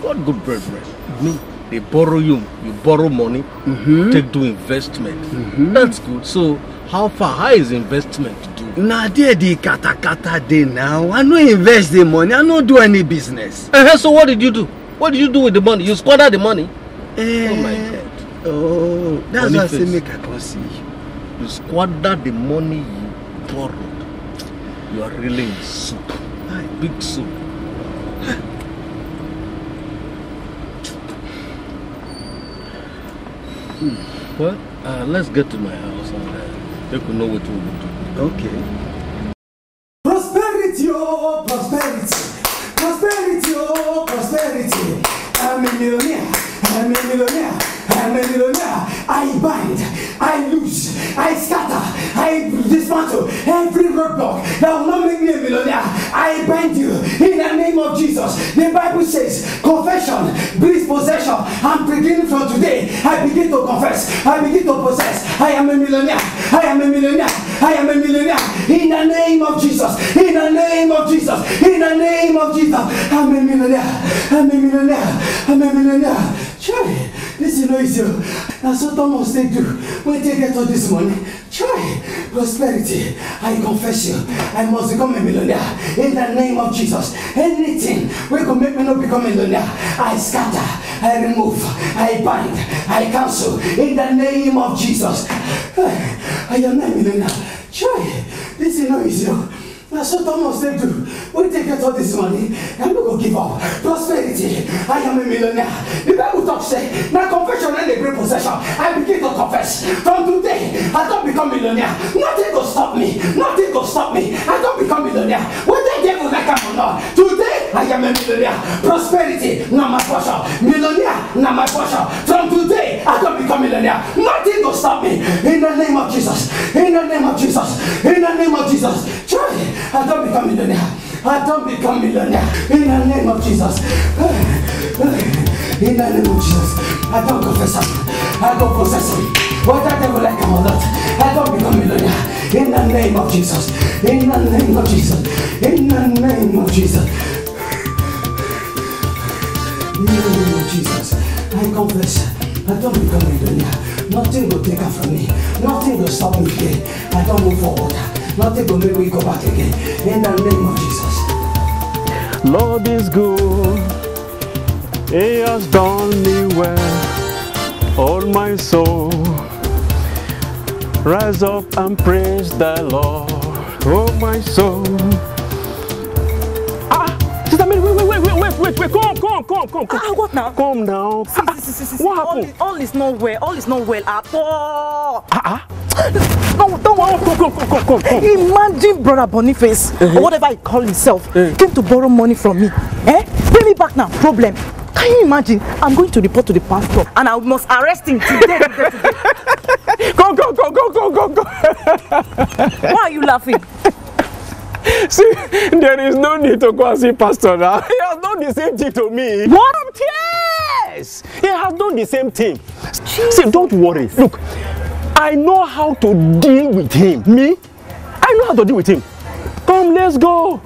What good bread, bread? Me. They borrow you, you borrow money, mm-hmm. take do investment. Mm-hmm. That's good. So, how far, how is investment do? Nah, there the kata kata dey now. I no invest the money, I no do any business. Uh-huh, so what did you do? What did you do with the money? You squander the money? Uh, oh my God. Oh, that's why I say make I come see you. You squander the money you borrowed. You are really in soup. Big soup. Well, uh, let's get to my house and uh, they could know what we will do. Okay. Prosperity, oh, prosperity. Prosperity, oh, prosperity. I'm a millionaire. I'm a millionaire am a millionaire. I bind, I lose, I scatter, I dismantle every roadblock that will not make me a millionaire. I bind you in the name of Jesus. The Bible says, confession brings possession. I'm beginning from today. I begin to confess. I begin to possess. I am a millionaire. I am a millionaire. I am a millionaire. In the name of Jesus. In the name of Jesus. In the name of Jesus. I'm a millionaire. I'm a millionaire. I'm a millionaire. Joy, this is not easy. That's what Thomas they do when they get all this money. Joy, prosperity, I confess you, I must become a millionaire in the name of Jesus. Anything we could make me not become a millionaire, I scatter, I remove, I bind, I cancel in the name of Jesus. I am a millionaire. Joy, this is not easy. Now, so Thomas they do. We take out all this money and we go give up. Prosperity. I am a millionaire. The Bible talks say, now confession and the great possession. I begin to confess. From today, I don't become millionaire. Nothing will stop me. Nothing will stop me. I don't become millionaire. Whether devil like I'm or not. Today, I am a millionaire. Prosperity, not my portion. Millionaire, not my portion. From today, I don't become millionaire. Nothing will stop me. In the name of Jesus. In the name of Jesus. In the name of Jesus. Try. I don't become millionaire. I don't become millionaire. In the name of Jesus. In the name of Jesus. I don't confess him. I don't possess him. Whether they will like him or not. I don't become millionaire. In the name of Jesus. In the name of Jesus. In the name of Jesus. In the name of Jesus. I confess. I don't become millionaire. Nothing will take her from me. Nothing will stop me here. I don't move forward. Nothing will make go back again. In the name of Jesus. Lord is good. He has done me well. All my soul. Rise up and praise the Lord. Oh my soul. Ah, sister Mary, wait, wait, wait, wait, wait, wait, come, come, come, come. come. Ah, what now? Come now. See, see, see, see, see. What happened? All, all is not well. All is not well at all. Ah, ah. No, don't worry. Come, come, come, come, come. Imagine brother Boniface, uh -huh. or uh-huh. whatever he call himself, uh -huh. came to borrow money from me. Eh? Bring me back now. Problem. Can you imagine? I'm going to report to the pastor and I must arrest him today. today, today. (laughs) go, go, go, go, go, go, go. Why are you laughing? (laughs) See, there is no need to go and see pastor now. (laughs) He has done the same thing to me. What? Yes! He has done the same thing. Jesus. See, don't worry. Look, I know how to deal with him. Me? I know how to deal with him. Come, let's go.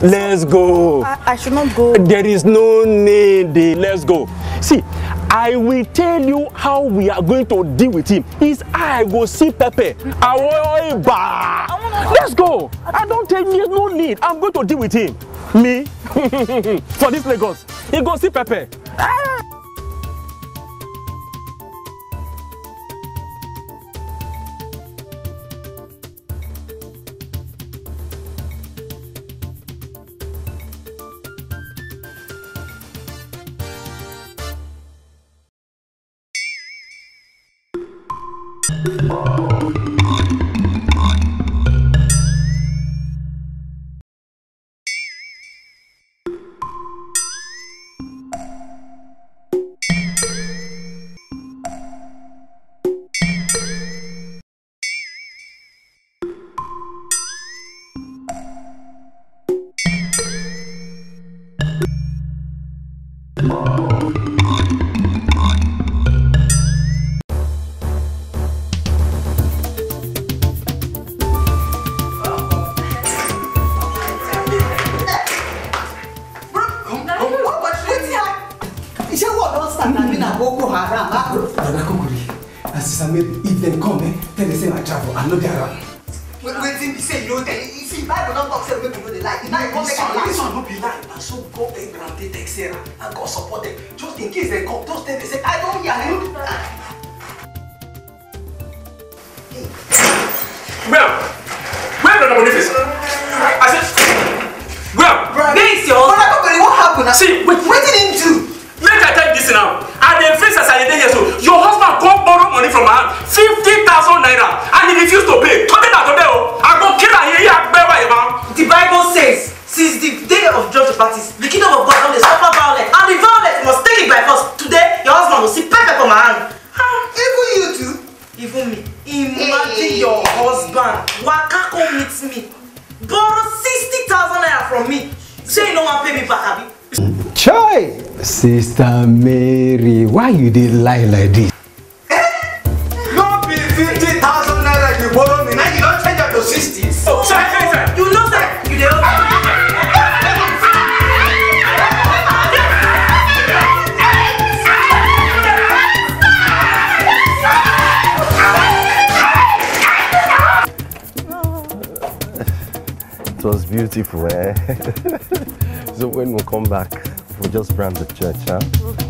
Let's go. I, I should not go. There is no need. Let's go. See, I will tell you how we are going to deal with him. Is I go see Pepe. Awoiba. Let's go. I don't tell you no need. I'm going to deal with him. Me? (laughs) For this Lagos. He go see Pepe. Ah! Satanina Boko Haram. Brother Kukuri, as Samuel, if them come, eh, tell them say I travel, I know they are. Wetin be say you no tell you see bible don talk say make we no now you come make am lie. this one no be lie na so god take grant take take sarah and god support them just in case dem come just tell them say i don hear you. well where brother boniface i say well this your. brother kokori what happen na see wetin him do make i tell you this now i dey face as i dey here so your husband come borrow money from am fifty thousand naira and he refuse to pay today na today o i go kill am yeye agbewa ema. the bible says since the day of john the baptist the kingdom of god don dey suffer violence and the violence must take it by force today your husband go see pepper for my hand. even you too. even me imagine your husband waka come meet me borrow sixty thousand naira from me say so no wan pay me back abi. chai sister mary why you dey lie like this. no be fifty thousand naira you borrow me now you don change am to sixty. so you know say you dey owe me. It was beautiful, eh? (laughs) so when we come back, We just the church, huh?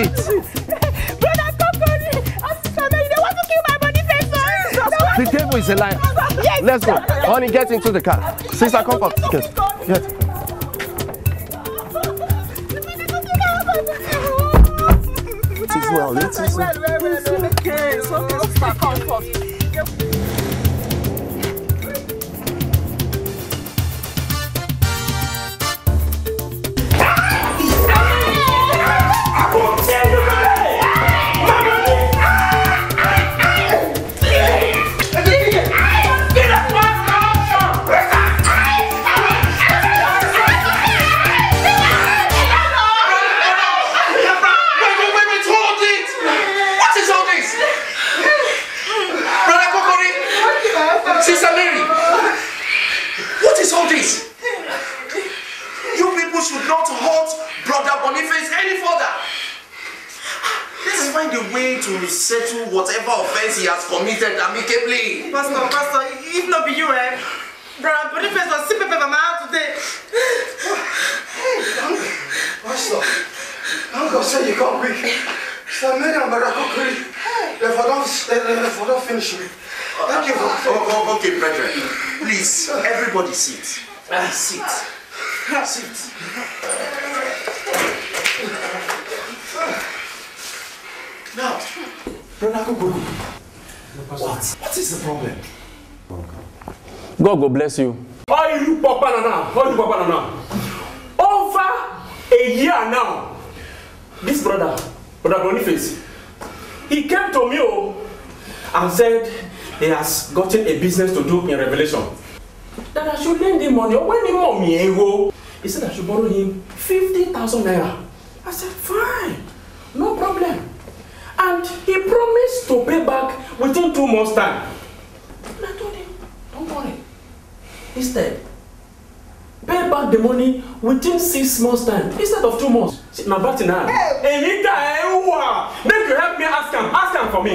it? Brother Kokori, Osisame, you don't want to kill my body The devil is a liar. Yes. Let's go. Honey, get into the car. Sister, come up. Yes. yes. It is well. It is well. It's okay. It's okay. Sister, come up. this. You people should not hurt Brother Boniface any further. Let's find a way to settle whatever offense he has committed amicably. Pastor, Pastor, if not be you, eh? Brother Boniface was sipping paper my today. Hey, Pastor, Uncle said you come quick. So Mary and Brother Kukuri, they for don't, they, they for don't finish me. Okay, okay, okay, brethren. Please, everybody sit. Ah, sit. Ah, sit. Now, Brother Kukuru, what? What is the problem? God will bless you. All you papa nana, all you papa nana. Over a year now, this brother, Brother Boniface, he came to me oh, and said, he has gotten a business to do in Revelation. That I should lend him money When he him me ego. Eh, he said I should borrow him 50,000 naira. I said, fine, no problem. And he promised to pay back within two months' time. And I told him, don't worry. Instead, pay back the money within six months time instead of two months na bad thing am. èyí dà ẹ́ make you help me ask am ask am for me.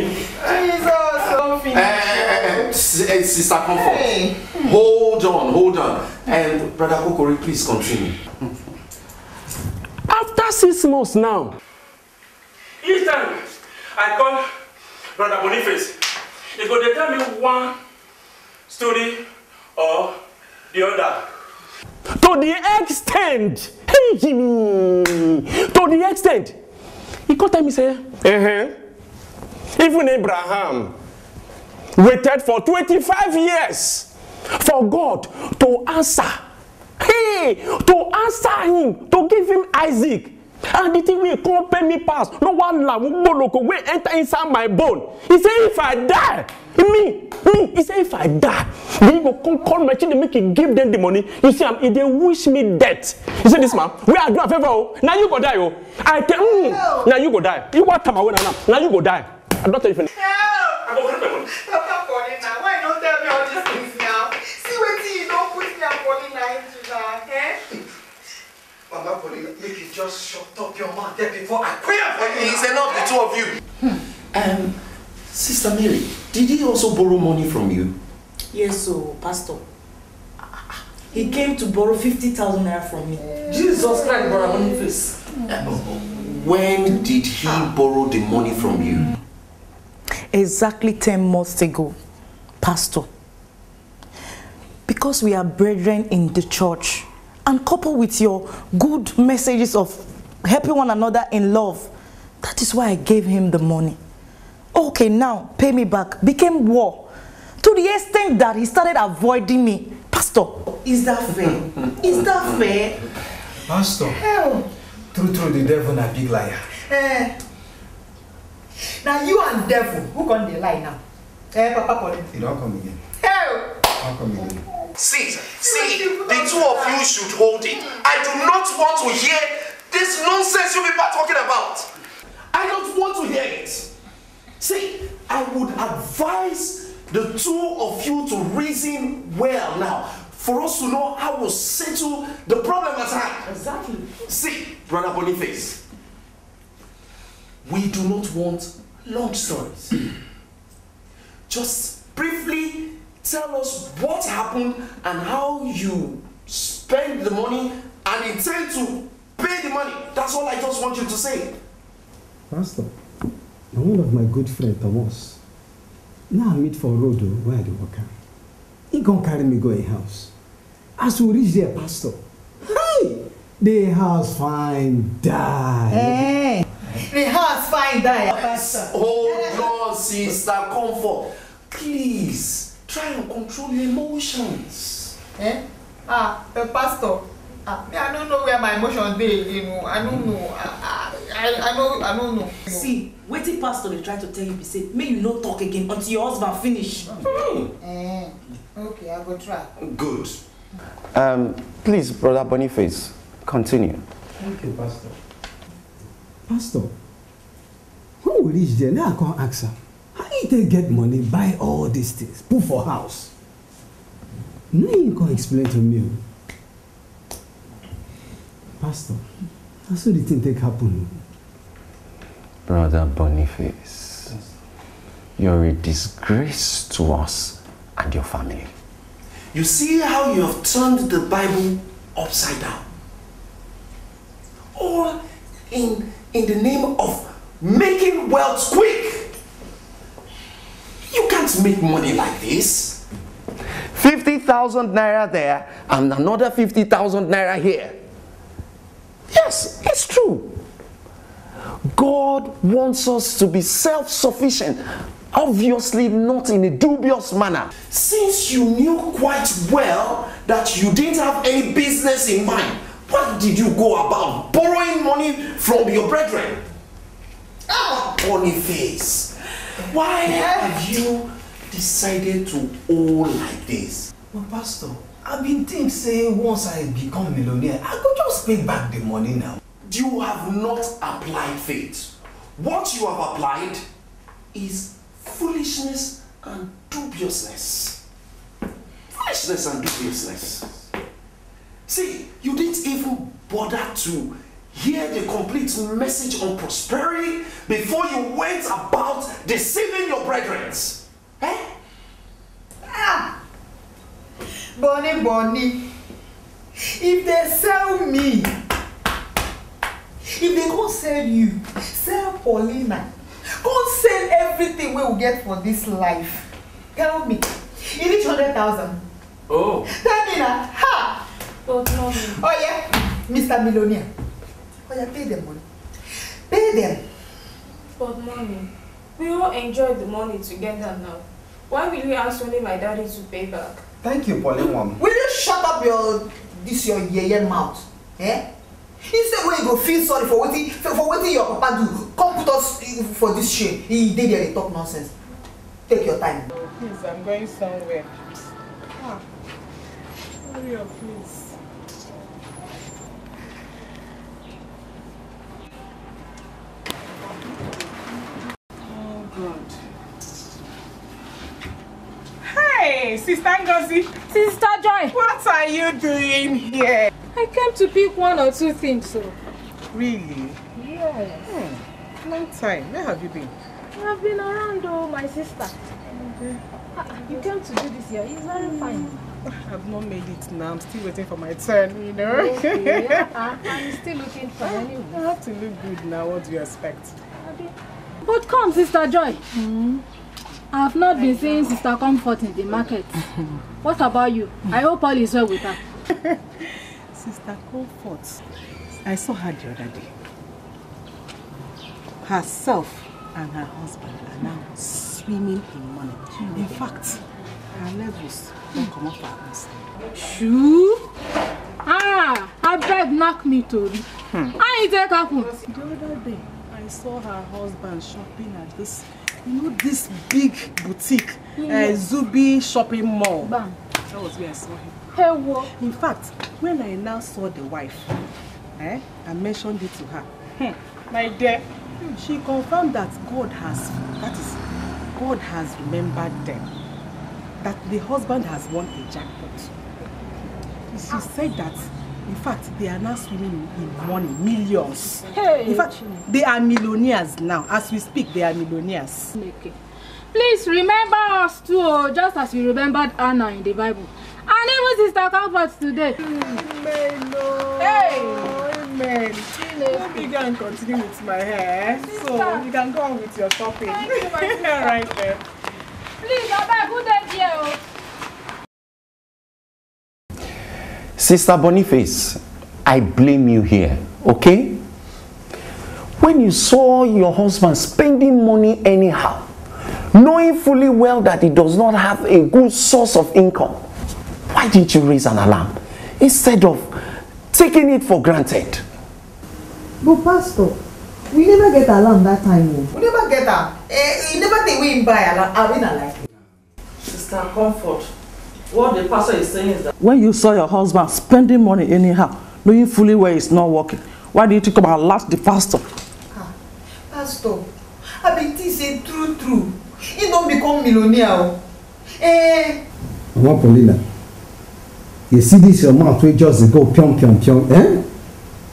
jesus ofin. Eh, eh, eh, sister comfort hey. hold on hold on and brother kokori please continue. after six months now. each time i call brother boniface he go dey tell me one story or the other to the extent hey jimmy to the extent he come time me say uh -huh. even abraham waited for twenty-five years for god to answer hey to answer him to give him isaac and the thing wey come pain me pass no wan lie gboloko wey enter inside my bone he say if i die me me he say if i die then he go come call my children make he give them the money you see I'm um, they wish me death he say this man we are doing am favour oh. now you go die o oh. i tell mm, no. na you go die you wan tam away na now na you go die i don tell you finish. Help. just shut up your mouth there before I quit for you. It's enough, the two of you. Hmm. Um, Sister Mary, did he also borrow money from you? Yes, so Pastor. He came to borrow 50,000 naira from me. Jesus Christ, borrow money face. When did he ah. borrow the money from you? Exactly 10 months ago, Pastor. Because we are brethren in the church, and coupled with your good messages of helping one another in love. That is why I gave him the money. Okay, now pay me back. Became war. To the extent that he started avoiding me. Pastor, is that fair? (laughs) is that fair? Pastor, Hell. true, true, the devil a big liar. Eh. Now you and devil, who can dey lie now? Eh, Papa Colin. He don't come again. Hell! Don't come again. See, see, the two of you should hold it. I do not want to hear this nonsense you people are talking about. I don't want to hear it. See, I would advise the two of you to reason well now for us to know how we'll settle the problem at hand. Exactly. See, Brother Boniface, we do not want long stories. (clears throat) Just briefly tell us what happened and how you spend the money and intend to pay the money. That's all I just want you to say. Pastor, one of my good friend, Thomas, now I meet for road oh, where I dey work He gonna carry me go in house. As we reach there, Pastor, hey, the house fine die. Hey. Eh, the house fine die, Pastor. Hold oh, on, sister, comfort. Please. Try and control your emotions. Eh? Ah, uh, Pastor. Ah, me, I don't know where my emotions dey, you oh. know. I don't know. I, I, I, don't, I don't know. See, wetin pastor dey try to tell you be say "May you not talk again until your husband finish. Mm. okay, I go try. Good. Um, please, Brother Boniface, continue. Thank you, Pastor. Pastor, when we reach there, now I come ask her. How you they get money, buy all these things, put for house? Now you can explain to me. Pastor, that's what the thing take happen. Brother Boniface, you're a disgrace to us and your family. You see how you have turned the Bible upside down. All in, in the name of making wealth quick. You can't make money like this. 50,000 naira there and another 50,000 naira here. Yes, it's true. God wants us to be self sufficient, obviously, not in a dubious manner. Since you knew quite well that you didn't have any business in mind, what did you go about borrowing money from your brethren? Ah, funny face. Why have you decided to owe like this? Well, Pastor, I've been thinking, say, once I become millionaire, I could just pay back the money now. You have not applied faith. What you have applied is foolishness and dubiousness. Foolishness and dubiousness. See, you didn't even bother to hear the complete message on prosperity before you went about deceiving your brethren. Eh? Ah. Bonnie, Bonnie, if they sell me, if they go sell you, sell Paulina, go sell everything we will get for this life. Tell me, you need 100,000. Oh. Tell me now, ha! Oh, no. oh yeah, Mr. Millionaire. Oya, pay them money. Pay them. But mommy, we all enjoy the money together now. Why will you ask only my daddy to pay back? Thank you, Pauline mom. Will you shut up your this your yeye mouth? Eh? Instead wey you go feel sorry for waiting for waiting your papa do, come put us for this shame. He did there talk nonsense. Take your time. Please, I'm going somewhere. Ah. Hurry up, please. morning, Sister Ngozi. Sister Joy. What are you doing here? I came to pick one or two things. So. Really? Yes. Hmm. Long time. Where have you been? I've been around, oh, my sister. Okay. Ah, you came to do this here. It's very mm. fine. I've not made it now. I'm still waiting for my turn, you know. Okay. (laughs) uh, I'm still looking for ah, anyone. I have to look good now. What do you expect? But come, Sister Joy. Mm. I have not been seeing Sister Comfort in the market. (laughs) What about you? I hope all is well with her. (laughs) Sister Comfort, I saw her the other day. Herself and her husband are now swimming in money. In hmm. fact, her levels don come up her own Shoo! Ah! I beg knack me tori. I I take happen. The other day, I saw her husband shopping at this you know this big boutique yeah. uh, Zubi shopping mall. Bam. That was where I saw him. Hey, what? In fact, when I now saw the wife, eh, I mentioned it to her. Hmm, my dear, hmm, she confirmed that God has, that is, God has remembered them. That the husband has won a jackpot. She said that In fact, they are now swimming in money, millions. Hey. In fact, they are millionaires now. As we speak, they are millionaires. Okay. Please remember us too, oh, just as you remembered Anna in the Bible. And even Sister Comfort today. Amen. Oh. Hey. Amen. Let me go and continue with my hair. So you can go on with your shopping. Thank you, my (laughs) right there. Please, Baba, good day, dear. Oh. Sister Boniface, I blame you here, okay? When you saw your husband spending money anyhow, knowing fully well that he does not have a good source of income, why didn't you raise an alarm instead of taking it for granted? But Pastor, we never get alarm that time. Oh. We never get am. Uh, eh, we never think we buy alarm. I mean, I like it. Sister Comfort. What the pastor is saying is that when you saw your husband spending money anyhow, knowing fully where it's not working, why did you come and last the pastor? Ah, pastor, I been think say true true. He don become millionaire. Eh. Mama Paulina, you see this your mouth wey just go pion pion pion. Eh?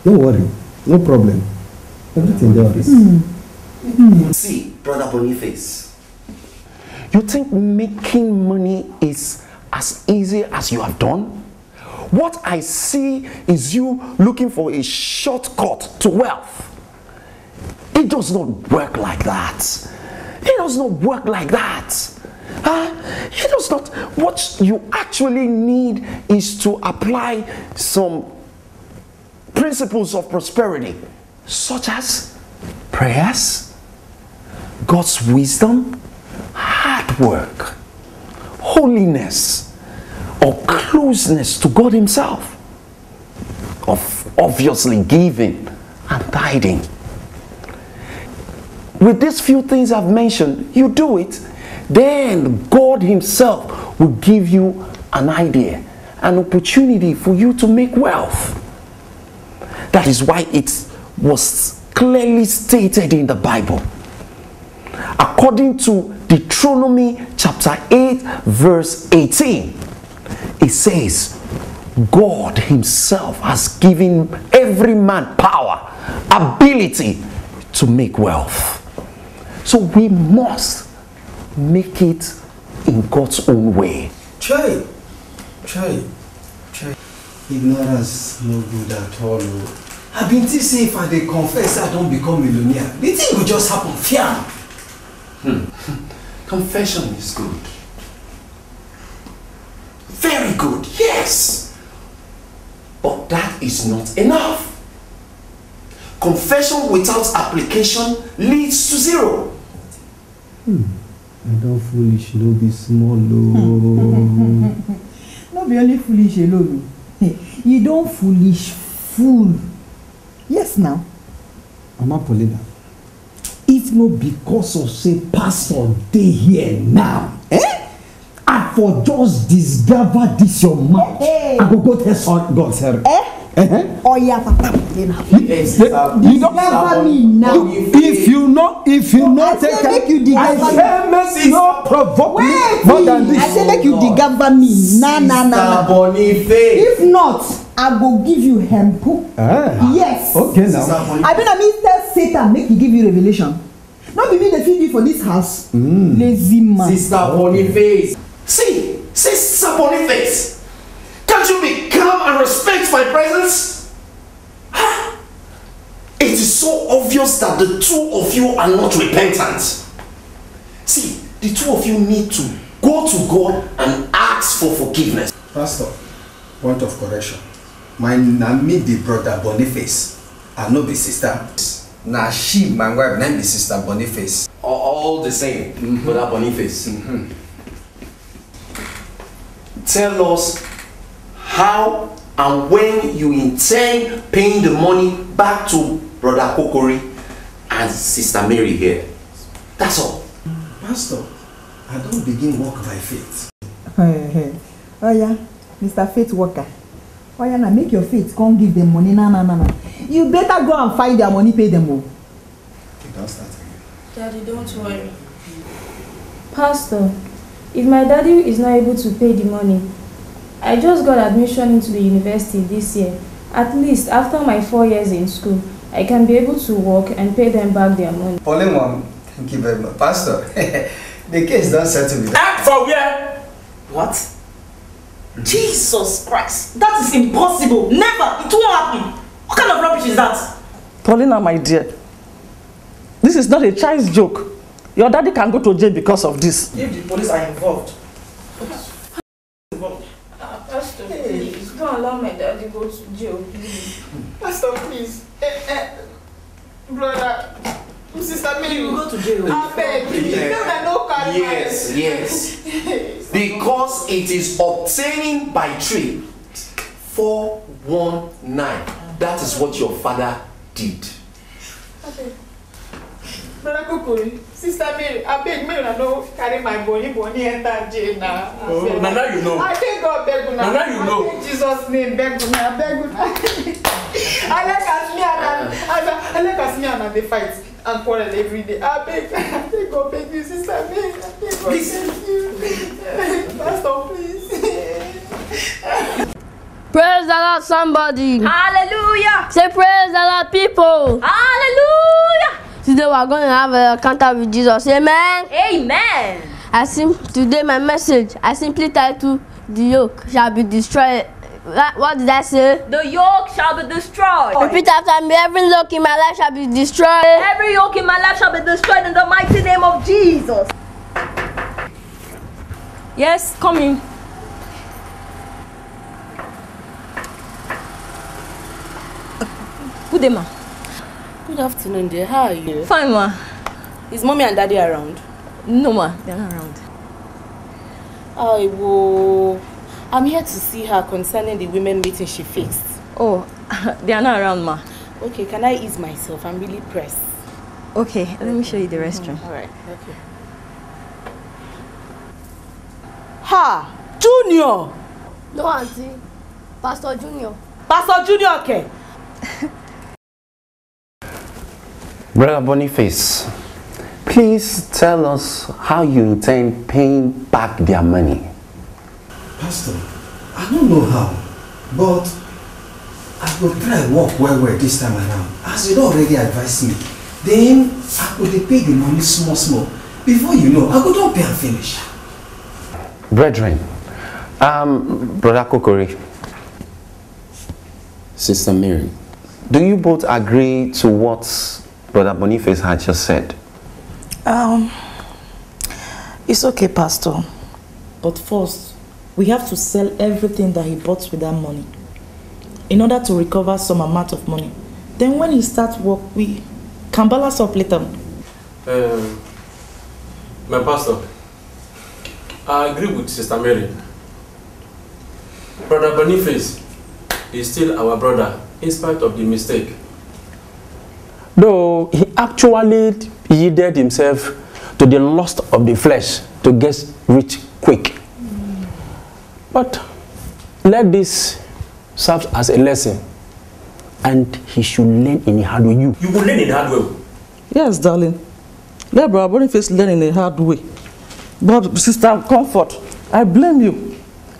Don't worry, no problem. Everything there is. Mm. See, brother Boniface. You think making money is as easy as you have done? What I see is you looking for a shortcut to wealth. It does not work like that. It does not work like that. Huh? It does not. What you actually need is to apply some principles of prosperity, such as prayers, God's wisdom, hard work holiness or closeness to God Himself, of obviously giving and tithing. With these few things I've mentioned, you do it, then God Himself will give you an idea, an opportunity for you to make wealth. That is why it was clearly stated in the Bible. according to Deuteronomy chapter 8, verse 18. It says, God Himself has given every man power, ability to make wealth. So we must make it in God's own way. Try, try, try. Ignorance no good at all. Oh. I've been think say if I dey confess I don't become millionaire, the thing will just happen, fiam. Hmm. (laughs) Confession is good. Very good, yes. But that is not enough. Confession without application leads to zero. Hmm. I don't foolish no be small o. Oh. (laughs) no be only foolish alone oh. (laughs) You don't foolish fool. Yes now. Mama Paulina, if no because of say pastor dey here now eh i for just discover this your mouth hey. i go go tell son god sir. Eh? Uh-huh. Oh yeah, papa. you don't have me now. if you know, if you so know, I say make you discover me. I say make no provoke Wait, me more than this. I say make you discover me. Na na na. If not, I go give you hempu. Ah. Yes. Okay now. I mean, I satan make he give you revolution no be me dey feed you for dis house. Mm. lazy man. sister boniface see see sister boniface can't you be calm and respect my presence. It is so obvious that the two of you are not repentant. See, the two of you need to go to God and ask for forgiveness. Pastor, point of correction. My na me be brother Boniface, and no be sister na she my wife na be sister boniface all, all the same mm -hmm. brother boniface mm -hmm. tell us how and when you intend paying the money back to brother kokori and sister mary here that's all. pastor i don begin work by faith. Eh, eh. oya oh, mr faith worker Oh yeah, na make your faith come give them money na na na na you better go and find their money pay them o. you don start again. daddy don't worry. pastor if my daddy is not able to pay the money i just got admission into the university this year at least after my four years in school i can be able to work and pay them back their money. pauline mom thank you very much pastor (laughs) the case don settle with. for where. what. Jesus Christ. That is impossible. Never. It won't happen. What kind of rubbish is that? Paulina, my dear, this is not a child's joke. Your daddy can go to jail because of this. If the police are involved. Pastor, please, don't allow my daddy go to jail, please. Pastor, please. Eh, eh. Brother. Sister Mary, you go to jail. I beg you. Yes. No, no yes, yes. (laughs) because it is obtaining by trade. nine. That is what your father did. Okay. Brother Kukuri, Sister Mary, I beg Mary, I no carry my body, body enter jail now. Oh, now you know. I thank God, beg you Now now you know. In Jesus name, beg you. una, beg una. (laughs) I like as me and I, ah. I like as me and I They fight and quarrel every day. I beg, I beg God, beg you, sister, I beg, I beg God, beg you. Pastor, please. Praise the Lord, somebody. Hallelujah. Say praise the Lord, people. Hallelujah. Today we are going to have a encounter with Jesus. Amen. Amen. I sim- today my message, I simply titled, The Yoke Shall Be Destroyed. What, what did I say? The yoke shall be destroyed. Repeat after me. Every yoke in my life shall be destroyed. Every yoke in my life shall be destroyed in the mighty name of Jesus. Yes, come in. Good ma. Good afternoon, dear. How are you? Fine, ma. Is mommy and daddy around? No, ma. They're not around. I will. I'm here to see her concerning the women meeting she fixed. Oh, (laughs) they are not around, ma. Okay, can I ease myself? I'm really pressed. Okay, okay. let me show you the mm-hmm. restroom. Mm -hmm. All right, okay. Ha! Junior! No, auntie. Pastor Junior. Pastor Junior, okay. Brother Boniface, please tell us how you intend paying back their money. Pastor, I don't know how, but I will try work well well this time around. As you already advised me, then I could pay the money small small. Before you know, I could not pay and finish. Brethren, um, Brother Kokori, Sister Mary, do you both agree to what Brother Boniface had just said? Um, it's okay, Pastor. But first, we have to sell everything that he bought with that money in order to recover some amount of money. Then when he starts work, we can balance up later. Um, my pastor, I agree with Sister Mary. Brother Boniface is still our brother in spite of the mistake. Though he actually yielded himself to the lust of the flesh to get rich quick. But let this serve as a lesson. And he should learn in a hard way. You, you will learn in a hard way. Yes, darling. Let Brother Boniface learn in a hard way. But Sister Comfort, I blame you.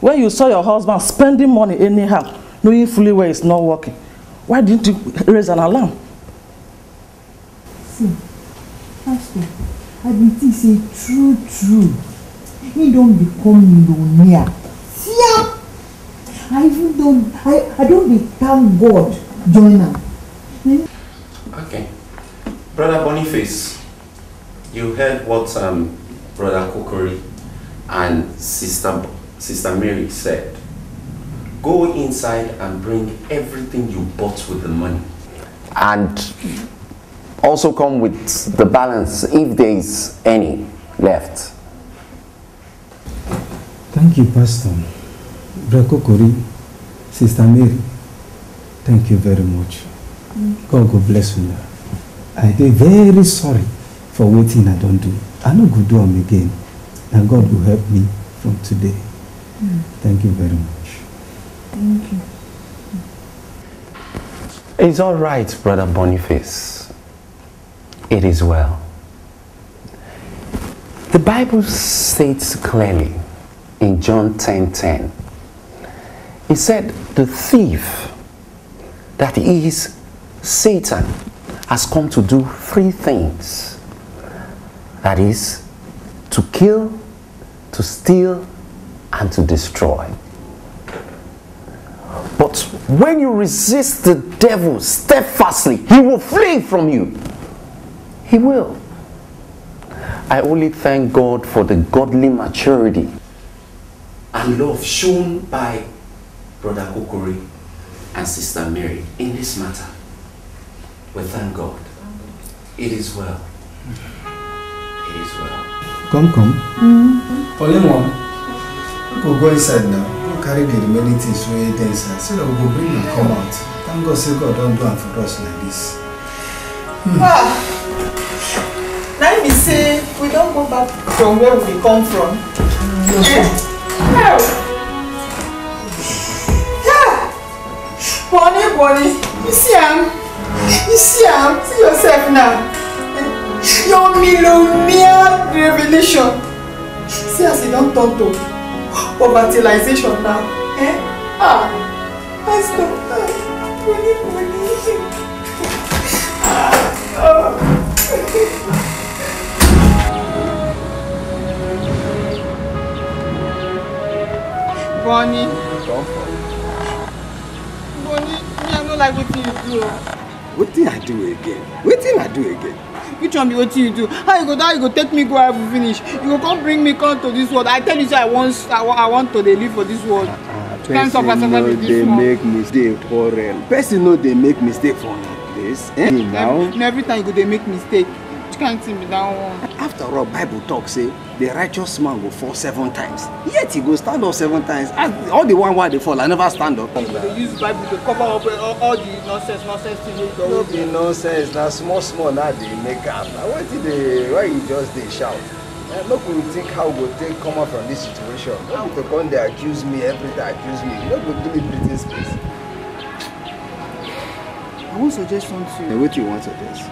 When you saw your husband spending money anyhow, knowing fully well it's not working, why didn't you raise an alarm? See, Pastor, I did not say true, true. He don't become millionaire fear. I even don't, I, I don't be thank God join them. Okay. Brother Boniface, you heard what um, Brother Kokori and Sister, Sister Mary said. Go inside and bring everything you bought with the money. And also come with the balance, if there is any left. Thank you, Pastor. Brekokori, Sister Mary, thank you very much. God go bless you now. I am very sorry for waiting. I don't do. I God go do am again. and God will help me from today. Mm. Thank you very much. Thank you. It's all right, Brother Boniface. It is well. The Bible states clearly in John 10.10 10, he said, The thief, that is Satan, has come to do three things that is, to kill, to steal, and to destroy. But when you resist the devil steadfastly, he will flee from you. He will. I only thank God for the godly maturity and love shown by Brother Kokori, and Sister Mary in this matter. We thank God. It is well. It is well. Come, come. Mm-hmm. Only one. Go go inside now. Go carry the remaining things We dey inside. So that we bring and come out. Thank God say God Don't do am for us like this. Hmm. Ah. Now be say we don't go back from where we come from. No. hmm eh? Yeah. worry. You see am? You see am? See yourself now. Your millionaire revelation. See as e don turn to overtilization now. Eh? Ah, that's stop that. Money, money. Ah, ah. (laughs) Bonnie like wetin you do. Oh. wetin i do again What did i do again. which one be what you do how you go how you go take me go I will finish you go come bring me come to this world i tell you say i want. i want i wan to dey live for this world. Uh, person no dey make mistake for real person know they make mistake for real place. Eh? Now, every time you go they make mistake you can't see me that one. after all bible talks say the righteous man go fall seven times yet he go stand up seven times And all the one why they fall i never stand up. you dey use bible to cover up uh, all, all the nonsense nonsense things wey you don no be nonsense na small small na dey make am na wetin dey why you just dey shout eh make we think how we go take come out from this situation no be to come dey accuse me everything accuse me no go give me breathing space. i wan suggest something. na wetin you wan suggest.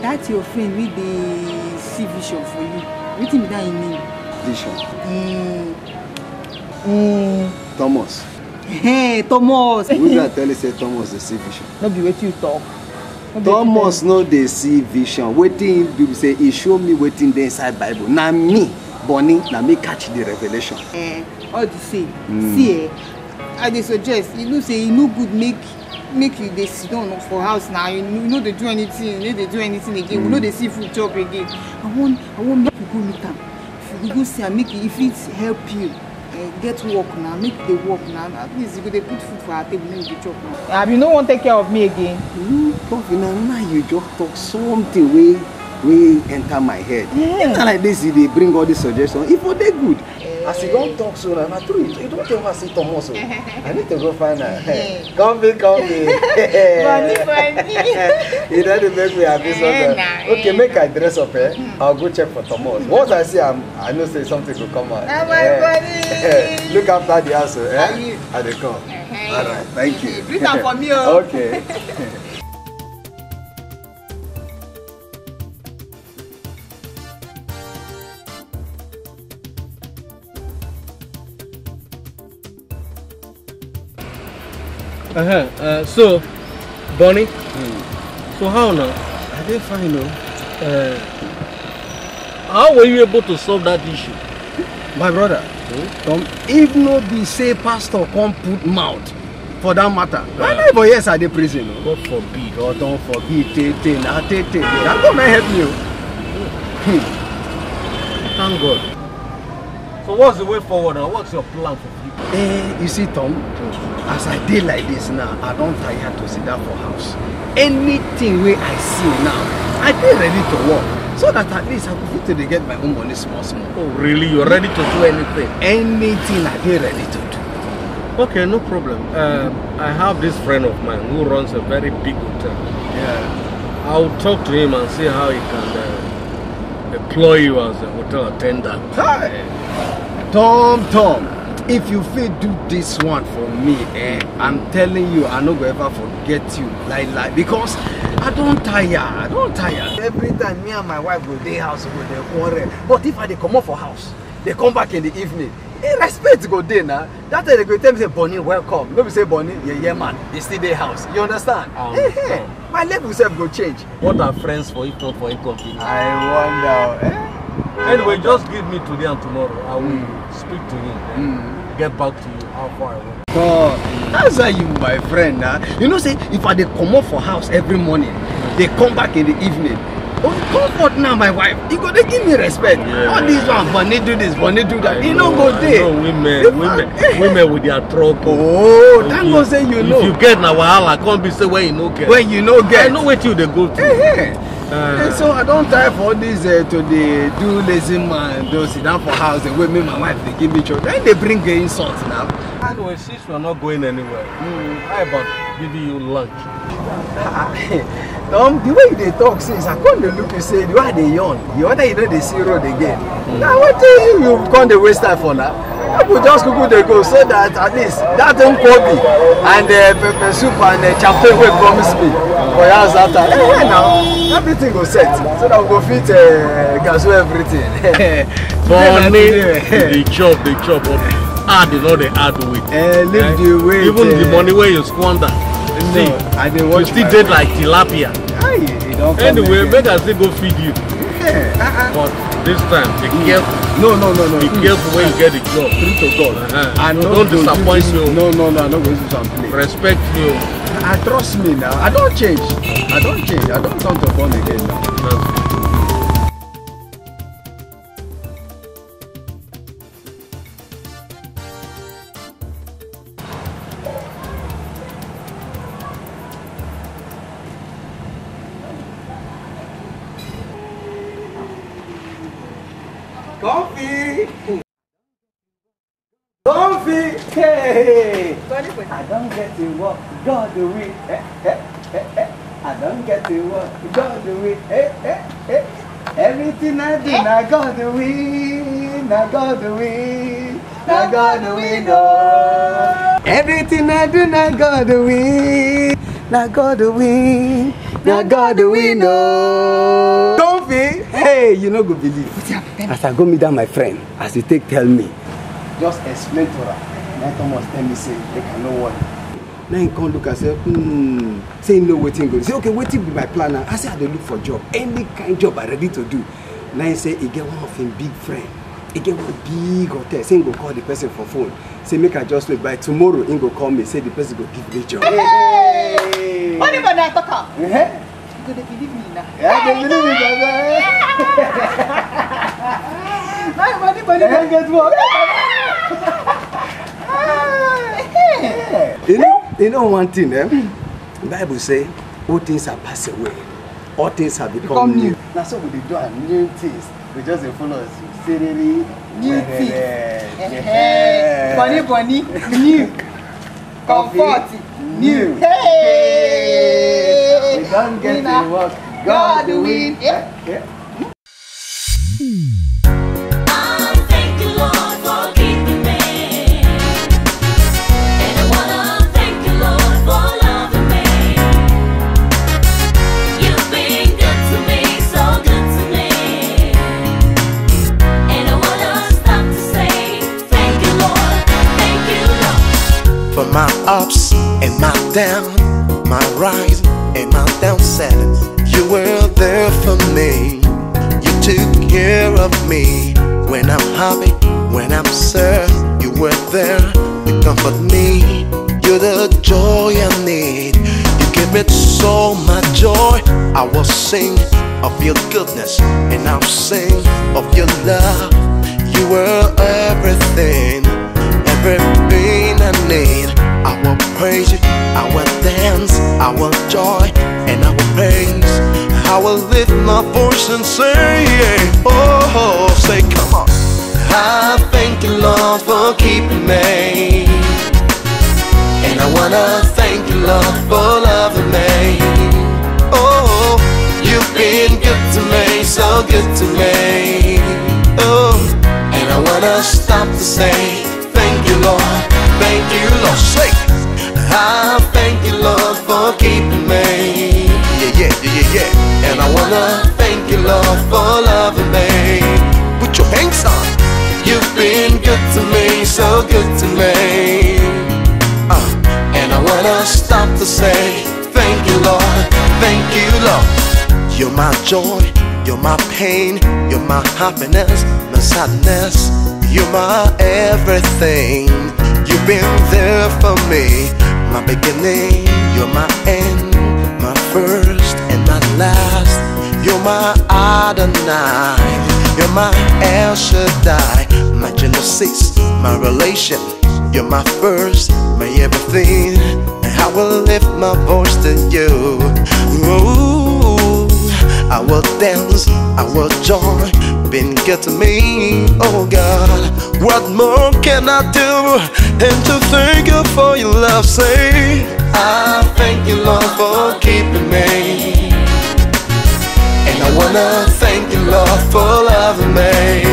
That's your friend with the sea vision for you. Wetin be that him name? Vision. Mm. Mm. Thomas. Hey, Thomas. Who did I tell you say Thomas dey see vision? No be wetin you talk. Thomas no dey see vision. Wetin do be say he show me wetin dey inside Bible. Na me Bonny na me catch the revelation. Eh, all the same. Mm. See eh, I dey suggest you know say e no good make make you dey sit down for house now. you know dey do anything you no dey do anything again we know dey see food chop again i wan i wan make you go meet am if you go see am make e, if it help you uh, get work now. make the work now. at least you go dey put food for our table make the job. chop na. you no one take care of me again. you hmm, talk na now you just talk something wey wey enter my head. Yeah. like this They bring all this suggestions. If e for dey good as you don't talk so na na true you, don't don tell her say tomo so i need to go find her (laughs) come be come be (laughs) funny funny (laughs) you don dey make me happy sometimes eh, eh. okay make nah. i dress up eh hmm. i'll go check for Thomas. once i see am i know say something will come out na ah, my eh. body look after the house o eh i dey come all right thank you greet am for me oh. okay. Uh-huh. Uh, so, Bonnie, mm. so how now? I did fine, no. Uh, how were you able to solve that issue? My brother, hmm? um, if no be say pastor come put mouth for that matter, Why my neighbor, yes, I did prison. No? Oh. God forbid. God don't forbid. Tete, na tete. That God may help me. Oh. Hmm. hmm. Thank God what's the way forward now? What's your plan for you? Eh, you see, Tom, as I dey like this now, I don't tire to sit down for house. Anything wey I see now, I dey ready to work. So that at least I could fit to get my own money small small. Oh, really? You're ready to do anything? Anything I dey ready to do. Okay, no problem. Um, I have this friend of mine who runs a very big hotel. Yeah. I'll talk to him and see how he can uh, employ you as a hotel attendant. Hi. Tom Tom, if you fit do this one for me, eh, I'm telling you, I no go ever forget you, like like, because I don't tire, I don't tire. Every time me and my wife go dey house, go dey quarrel. But if I they come comot for house, they come back in the evening, eh, respect go there now. That time they go tell me say, Bonny, welcome. Nobody say Bonny, yeah, yeah man, you still dey house. You understand? Um, hey, eh, eh, hey, my level sef go change. What are friends for if not for inconvenience? I wonder. Eh? Anyway, just give me today and tomorrow. I will mm. speak to him mm. get back to you how far I went. God, answer you, my friend. Nah. You know, say, if I they come up for house every morning, they come back in the evening, oh, comfort now my wife you go dey give me respect yeah. all this one funny do this funny do that e know, go there. women women eh. women with their trouble oh so thank say you know if you get na wahala come be say when you no get when you no get i know wetin you They go through. Eh, eh. Uh, and so I don't time for all this uh, to the do lazy man, don't sit down for house, the way me and my wife they give each other Then they bring the insult now. Anyway, since we're not going anywhere, mm. how about giving you lunch? (laughs) um, the way they talk since I come to look and say, why they yawn? You wonder you know they see road again. Mm. Now what you, you come the waste time for now? people just kuku dey go so that at least that nkobi and uh, pepper soup and uh, champagne wey promise me for house that time eh eh na everything go set so that we go fit uh, gaso everything. money dey chop dey chop but hard dey no dey hard way. Uh, eh, leave eh? the way even uh, the money wey you squander. No, see you still dey like tilapia. anyway make i still go feed you. Yeah. Uh -uh. But this time, be mm. careful. No, no, no, no. Be mm. careful when you get the job. True to God. Uh-huh. I no, don't disappoint you. Oh. No, no, no. I'm not going to some place. Respect you. Oh. I trust me now. I don't change. I don't change. I don't come to born again now. That's get to work, God the way, eh, eh, eh, eh. I don't get to work, God the way, eh, eh, eh. Everything I do, now God the way, now God the way, now God the way, no. Everything I do, now God the way, now God the way, now God the way, no. Don't be, hey, you know go believe. As I go meet that my friend, as you take tell me. Just explain to her. Now Thomas tell me say, they can know what. Now he come look and say, hmm, say no waiting go. Say, okay, waiting be my planner. I say I dey look for job. Any kind job I ready to do. Now he say he get one of him big friend. He get one big hotel. Say he go call the person for phone. Say make I just wait. By tomorrow he go call me. Say the person go give me job. Hey! hey. you want to talk? Uh -huh. You go dey believe me now. Yeah, hey, believe me, Baba. My (laughs) money, money, uh-huh, money. Get what? (laughs) You know. You know one thing, eh? Mm. Bible say, all things are passed away. All things have become, become new. new. Now so we do and new things. We just follow us. Seriously, new things. Hey, Bonnie Bonnie, new. (laughs) Comfort, new. Hey! We don't get to work. God, God win. win. Yeah. Yeah. Hmm. Eh. my ups and my down, my rise and my downside. You were there for me. You took care of me when I'm happy, when I'm sad. You were there to comfort me. You're the joy I need. You give me so much joy. I will sing of your goodness and I'll sing of your love. You were everything. Every pain I need. I will praise you, I will dance, I will joy, and I will praise. I will lift my voice and say, Oh, say, come on. I thank You, Lord for keeping me. And I wanna thank You, Lord for loving me. Oh, you've been good to me, so good to me. Oh, and I wanna stop to say, Lord, thank you, Lord. Shake. I thank you, Lord, for keeping me. Yeah, yeah, yeah, yeah, yeah. And I wanna thank you, Lord, for loving me. Put your hands on. You've been good to me, so good to me. Uh, and I wanna stop to say, thank you, Lord, thank you, Lord. You're my joy. You're my pain, you're my happiness, my sadness. You're my everything. You've been there for me, my beginning. You're my end, my first and my last. You're my Adonai, you're my El Shaddai, my Genesis, my relation. You're my first, my everything. And I will lift my voice to you. Ooh. I will dance, I will joy, been good to me. Oh God, what more can I do? And to thank you for your love, say, I thank you, Lord, for keeping me. And I wanna thank you, Lord, for loving me.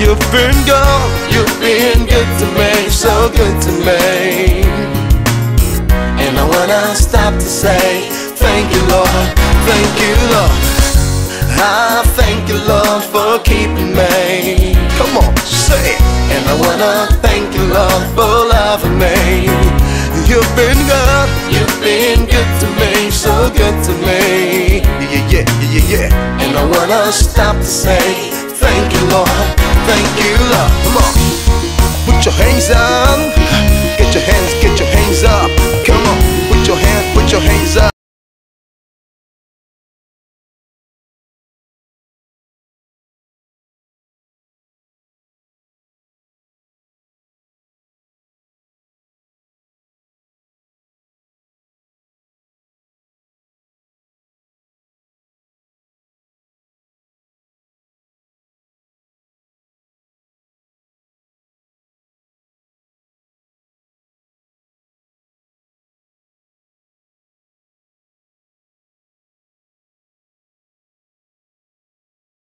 You've been good, you've been good to me, so good to me. And I wanna stop to say, thank you, Lord, thank you, Lord. I thank you, Lord, for keeping me. Come on, say it. And I wanna thank you, Lord, for loving me. You've been good, you've been good to me, so good to me. Yeah, yeah, yeah, yeah. And I wanna stop to say, thank you, Lord, thank you, Lord. Come on, put your hands up, get your hands, get your hands up. Come on, put your hands, put your hands up.